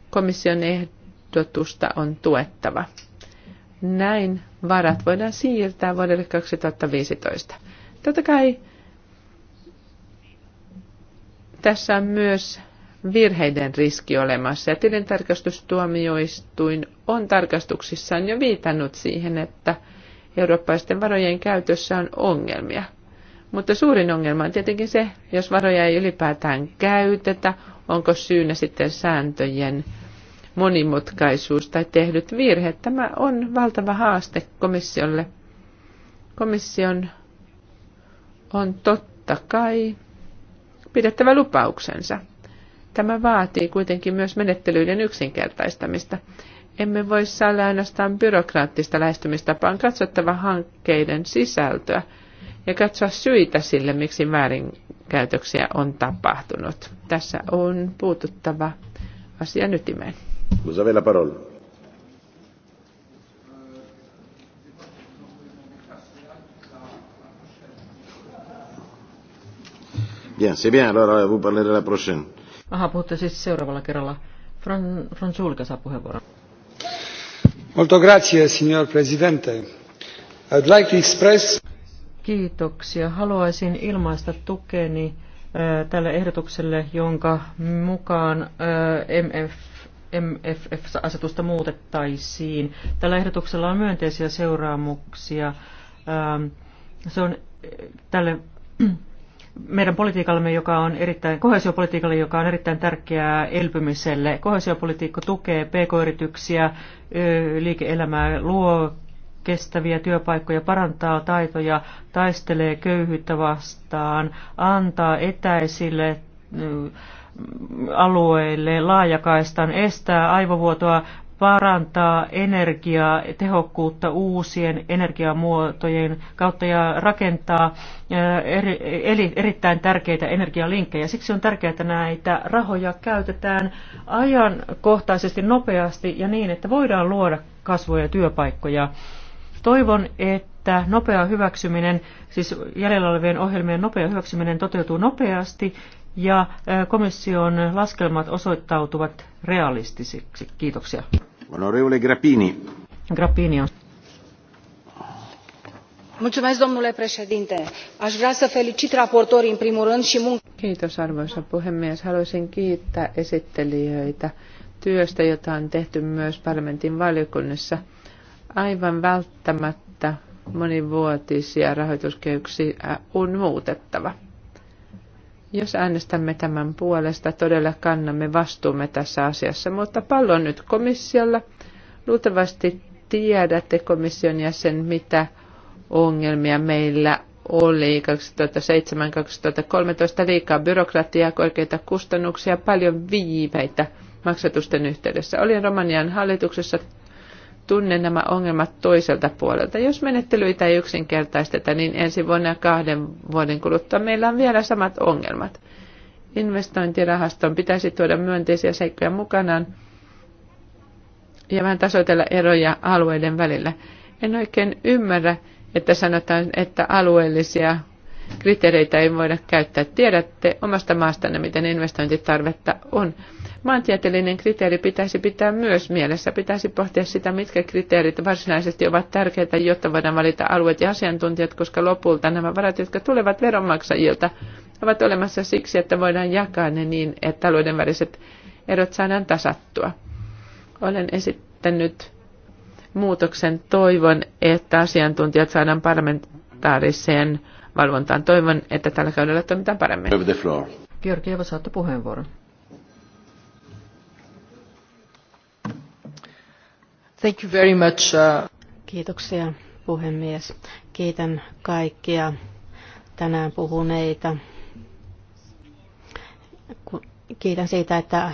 Speaker 1: komission ehdotusta on tuettava. Näin varat voidaan siirtää vuodelle 2015. Totta kai tässä on myös virheiden riski olemassa. Ja tilintarkastustuomioistuin on tarkastuksissaan jo viitannut siihen, että eurooppaisten varojen käytössä on ongelmia. Mutta suurin ongelma on tietenkin se, jos varoja ei ylipäätään käytetä, onko syynä sitten sääntöjen monimutkaisuus tai tehdyt virheet. Tämä on valtava haaste komissiolle. Komission on totta kai pidettävä lupauksensa. Tämä vaatii kuitenkin myös menettelyiden yksinkertaistamista. Emme voi saada ainoastaan byrokraattista vaan katsottava hankkeiden sisältöä ja katsoa syitä sille, miksi väärinkäytöksiä on tapahtunut. Tässä on puututtava asia ytimeen.
Speaker 2: Bien, c'est bien, alors euh, vous parlerez la prochaine.
Speaker 3: Aha, puhutte siis seuraavalla kerralla. Fran, Sulka saa puheenvuoron.
Speaker 2: Molto grazie, signor Presidente. I'd like to express...
Speaker 3: Kiitoksia. Haluaisin ilmaista tukeni äh, tälle ehdotukselle, jonka mukaan äh, MF MFF-asetusta muutettaisiin. Tällä ehdotuksella on myönteisiä seuraamuksia. Ähm, se on tälle meidän politiikallamme, joka on erittäin, kohesiopolitiikalle, joka on erittäin tärkeää elpymiselle. Kohesiopolitiikka tukee pk-yrityksiä, liike-elämää, luo kestäviä työpaikkoja, parantaa taitoja, taistelee köyhyyttä vastaan, antaa etäisille alueille laajakaistan, estää aivovuotoa, parantaa energiaa, tehokkuutta uusien energiamuotojen kautta ja rakentaa eri, eli erittäin tärkeitä energialinkkejä. Siksi on tärkeää, että näitä rahoja käytetään ajankohtaisesti, nopeasti ja niin, että voidaan luoda kasvoja ja työpaikkoja. Toivon, että nopea hyväksyminen, siis jäljellä olevien ohjelmien nopea hyväksyminen toteutuu nopeasti ja komission laskelmat osoittautuvat realistisiksi. Kiitoksia
Speaker 1: domnule președinte aș vrea să felicit raportorii în primul rând și munca. Kiitos arvoisa puhemies. Haluaisin kiittää esittelijöitä työstä, jota on tehty myös parlamentin valiokunnissa. Aivan välttämättä monivuotisia rahoituskehyksiä on muutettava. Jos äänestämme tämän puolesta, todella kannamme vastuumme tässä asiassa, mutta pallo on nyt komissiolla. Luultavasti tiedätte komission jäsen, mitä ongelmia meillä oli 2007-2013 liikaa byrokratiaa, korkeita kustannuksia, paljon viiveitä maksatusten yhteydessä. Olin Romanian hallituksessa tunne nämä ongelmat toiselta puolelta. Jos menettelyitä ei yksinkertaisteta, niin ensi vuonna ja kahden vuoden kuluttua meillä on vielä samat ongelmat. Investointirahaston pitäisi tuoda myönteisiä seikkoja mukanaan ja vähän tasoitella eroja alueiden välillä. En oikein ymmärrä, että sanotaan, että alueellisia kriteereitä ei voida käyttää. Tiedätte omasta maastanne, miten investointitarvetta on Maantieteellinen kriteeri pitäisi pitää myös mielessä. Pitäisi pohtia sitä, mitkä kriteerit varsinaisesti ovat tärkeitä, jotta voidaan valita alueet ja asiantuntijat, koska lopulta nämä varat, jotka tulevat veronmaksajilta, ovat olemassa siksi, että voidaan jakaa ne niin, että alueiden väliset erot saadaan tasattua. Olen esittänyt muutoksen toivon, että asiantuntijat saadaan parlamentaariseen valvontaan. Toivon, että tällä kaudella toimitaan paremmin.
Speaker 3: Georgieva, saatte puheenvuoron.
Speaker 2: Thank you very much. Uh, Kiitoksia puhemies. Kiitän kaikkia tänään puhuneita. Kiitän siitä, että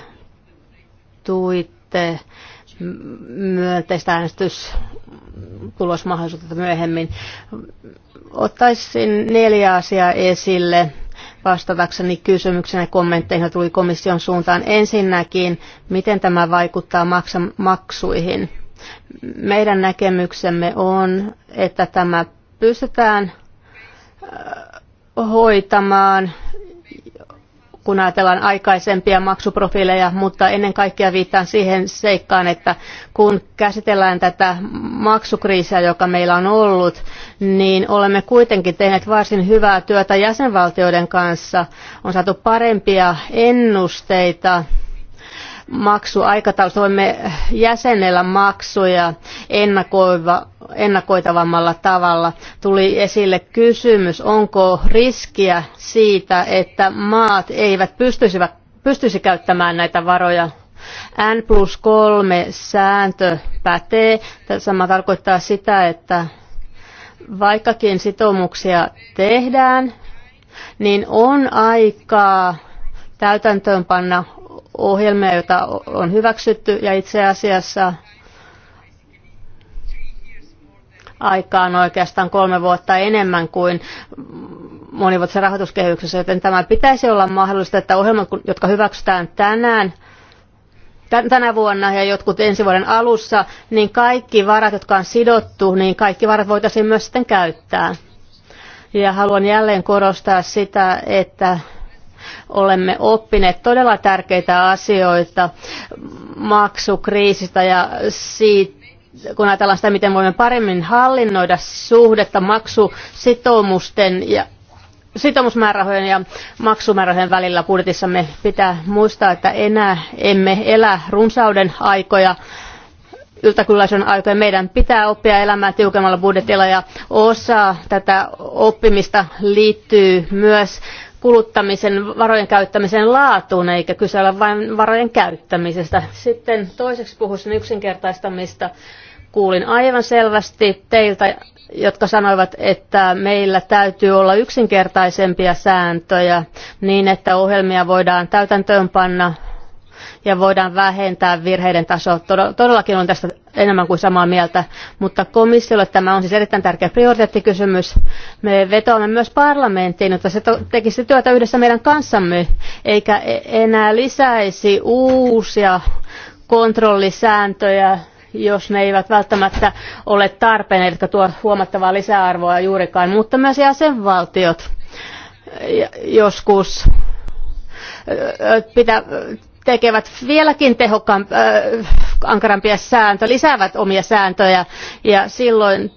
Speaker 2: tuitte myönteistä äänestystulosmahdollisuutta myöhemmin. Ottaisin neljä asiaa esille vastatakseni kysymyksenä ja kommentteihin, joita tuli komission suuntaan. Ensinnäkin, miten tämä vaikuttaa maksuihin meidän näkemyksemme on, että tämä pystytään hoitamaan, kun ajatellaan aikaisempia maksuprofiileja, mutta ennen kaikkea viittaan siihen seikkaan, että kun käsitellään tätä maksukriisiä, joka meillä on ollut, niin olemme kuitenkin tehneet varsin hyvää työtä jäsenvaltioiden kanssa. On saatu parempia ennusteita maksuaikataulusta. Voimme jäsenellä maksuja ennakoiva, ennakoitavammalla tavalla. Tuli esille kysymys, onko riskiä siitä, että maat eivät pystyisivät, pystyisi käyttämään näitä varoja N plus kolme sääntö pätee. sama tarkoittaa sitä, että vaikkakin sitoumuksia tehdään, niin on aikaa täytäntöönpanna ohjelmia, joita on hyväksytty ja itse asiassa aikaan oikeastaan kolme vuotta enemmän kuin monivuotisessa rahoituskehyksessä, joten tämä pitäisi olla mahdollista, että ohjelmat, jotka hyväksytään tänään, tänä vuonna ja jotkut ensi vuoden alussa, niin kaikki varat, jotka on sidottu, niin kaikki varat voitaisiin myös sitten käyttää. Ja haluan jälleen korostaa sitä, että olemme oppineet todella tärkeitä asioita maksukriisistä ja siitä, kun ajatellaan sitä, miten voimme paremmin hallinnoida suhdetta maksusitoumusten ja sitoumusmäärärahojen ja maksumäärärahojen välillä budjetissamme pitää muistaa, että enää emme elä runsauden aikoja, yltäkylläisyyden aikoja. Meidän pitää oppia elämään tiukemmalla budjetilla ja osa tätä oppimista liittyy myös kuluttamisen, varojen käyttämisen laatuun, eikä kysellä vain varojen käyttämisestä. Sitten toiseksi puhuisin yksinkertaistamista. Kuulin aivan selvästi teiltä, jotka sanoivat, että meillä täytyy olla yksinkertaisempia sääntöjä niin, että ohjelmia voidaan täytäntöönpanna ja voidaan vähentää virheiden tasoa. Todellakin on tästä enemmän kuin samaa mieltä, mutta komissiolle tämä on siis erittäin tärkeä prioriteettikysymys. Me vetoamme myös parlamenttiin, että se tekisi työtä yhdessä meidän kanssamme, eikä e- enää lisäisi uusia kontrollisääntöjä jos ne eivät välttämättä ole tarpeen, eivätkä tuo huomattavaa lisäarvoa juurikaan, mutta myös jäsenvaltiot joskus pitää, tekevät vieläkin tehokkaampia, äh, ankarampia sääntöjä, lisäävät omia sääntöjä ja silloin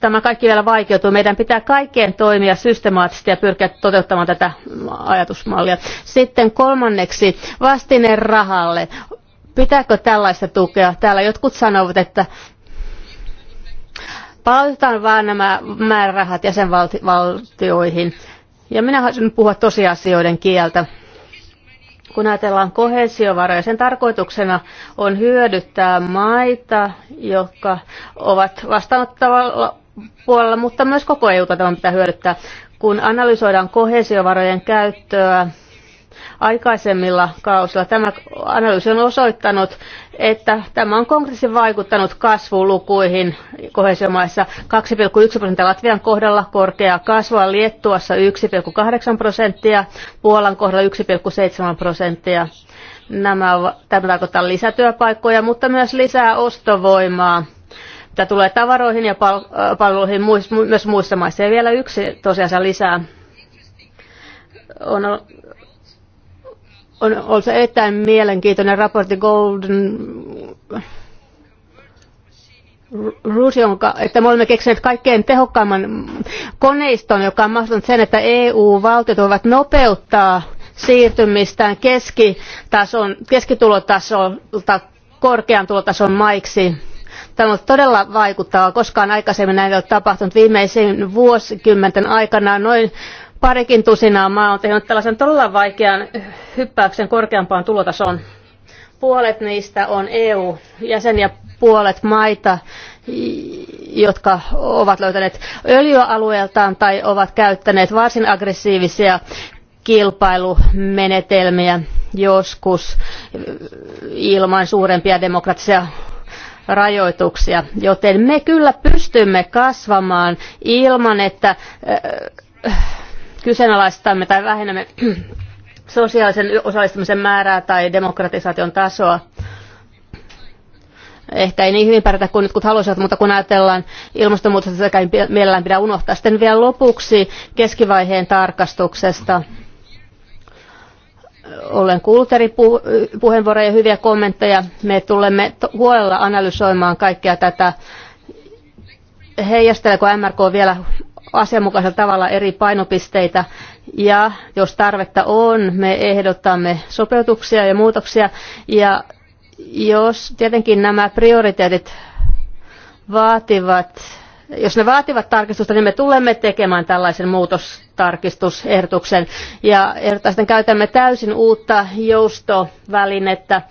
Speaker 2: tämä kaikki vielä vaikeutuu. Meidän pitää kaikkien toimia systemaattisesti ja pyrkiä toteuttamaan tätä ajatusmallia. Sitten kolmanneksi vastine rahalle. Pitääkö tällaista tukea? Täällä jotkut sanovat, että palautetaan vain nämä määrärahat jäsenvaltioihin. Ja minä haluaisin puhua tosiasioiden kieltä. Kun ajatellaan kohesiovaroja, sen tarkoituksena on hyödyttää maita, jotka ovat vastaanottavalla puolella, mutta myös koko EUta tämän pitää hyödyttää. Kun analysoidaan kohesiovarojen käyttöä aikaisemmilla kausilla. Tämä analyysi on osoittanut, että tämä on konkreettisesti vaikuttanut kasvulukuihin kohesiomaissa 2,1 prosenttia Latvian kohdalla korkeaa kasvua, Liettuassa 1,8 prosenttia, Puolan kohdalla 1,7 prosenttia. Nämä, tämä tarkoittaa lisätyöpaikkoja, mutta myös lisää ostovoimaa Tämä tulee tavaroihin ja äh, palveluihin myös muissa maissa. Ja vielä yksi tosiasia lisää on on se erittäin mielenkiintoinen raportti Golden Ruusi, jonka, että me olemme keksineet kaikkein tehokkaimman koneiston, joka on mahdollistanut sen, että EU-valtiot voivat nopeuttaa siirtymistään keskitason, keskitulotasolta korkean tulotason maiksi. Tämä on todella vaikuttavaa. Koskaan aikaisemmin näin ei ole tapahtunut. Viimeisen vuosikymmenten aikana noin parikin tusinaa maa on tehnyt tällaisen todella vaikean hyppäyksen korkeampaan tulotasoon. Puolet niistä on EU-jäsen ja puolet maita, jotka ovat löytäneet öljyalueeltaan tai ovat käyttäneet varsin aggressiivisia kilpailumenetelmiä joskus ilman suurempia demokratisia rajoituksia. Joten me kyllä pystymme kasvamaan ilman, että äh, kyseenalaistamme tai vähennämme sosiaalisen osallistumisen määrää tai demokratisaation tasoa. Ehkä ei niin hyvin pärjätä kuin kun haluaisivat, mutta kun ajatellaan ilmastonmuutosta, sekä ei mielellään pidä unohtaa. Sitten vielä lopuksi keskivaiheen tarkastuksesta. Olen kuullut eri puheenvuoroja ja hyviä kommentteja. Me tulemme huolella analysoimaan kaikkea tätä. Heijasteleeko MRK vielä asianmukaisella tavalla eri painopisteitä ja jos tarvetta on, me ehdotamme sopeutuksia ja muutoksia ja jos tietenkin nämä prioriteetit vaativat jos ne vaativat tarkistusta, niin me tulemme tekemään tällaisen muutostarkistusehdotuksen. Ja sitten käytämme täysin uutta joustovälinettä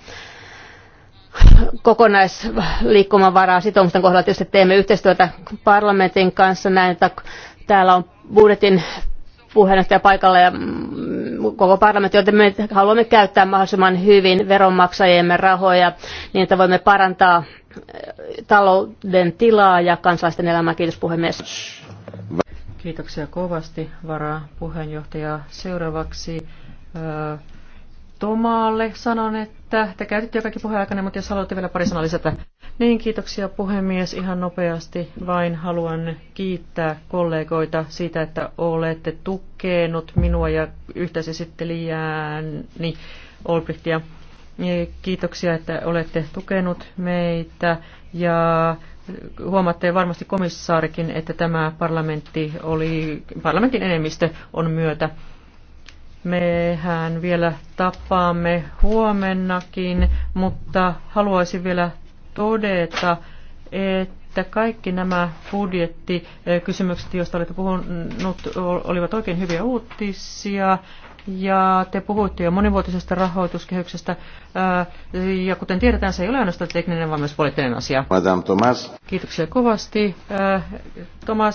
Speaker 2: kokonaisliikkumavaraa sitoumusten kohdalla. Tietysti teemme yhteistyötä parlamentin kanssa näin, että Täällä on budjetin puheenjohtaja paikalla ja mm, koko parlamentti, joten me haluamme käyttää mahdollisimman hyvin veronmaksajiemme rahoja niin, että voimme parantaa eh, talouden tilaa ja kansalaisten elämää. Kiitos puhemies.
Speaker 3: Kiitoksia kovasti varaa puheenjohtaja. Seuraavaksi eh, Tomaalle sanon, että te käytitte jo kaikki puheaikana, mutta jos haluatte vielä pari sanaa lisätä. Niin, kiitoksia puhemies. Ihan nopeasti vain haluan kiittää kollegoita siitä, että olette tukenut minua ja yhteisesittelijääni Olbrichtia. Kiitoksia, että olette tukenut meitä ja huomaatte varmasti komissaarikin, että tämä parlamentti oli, parlamentin enemmistö on myötä Mehän vielä tapaamme huomennakin, mutta haluaisin vielä todeta, että kaikki nämä budjettikysymykset, joista olette puhunut, olivat oikein hyviä uutisia. Ja te puhuitte jo monivuotisesta rahoituskehyksestä, ja kuten tiedetään, se ei ole ainoastaan tekninen, vaan myös poliittinen asia. Madame Thomas. Kiitoksia kovasti. Thomas.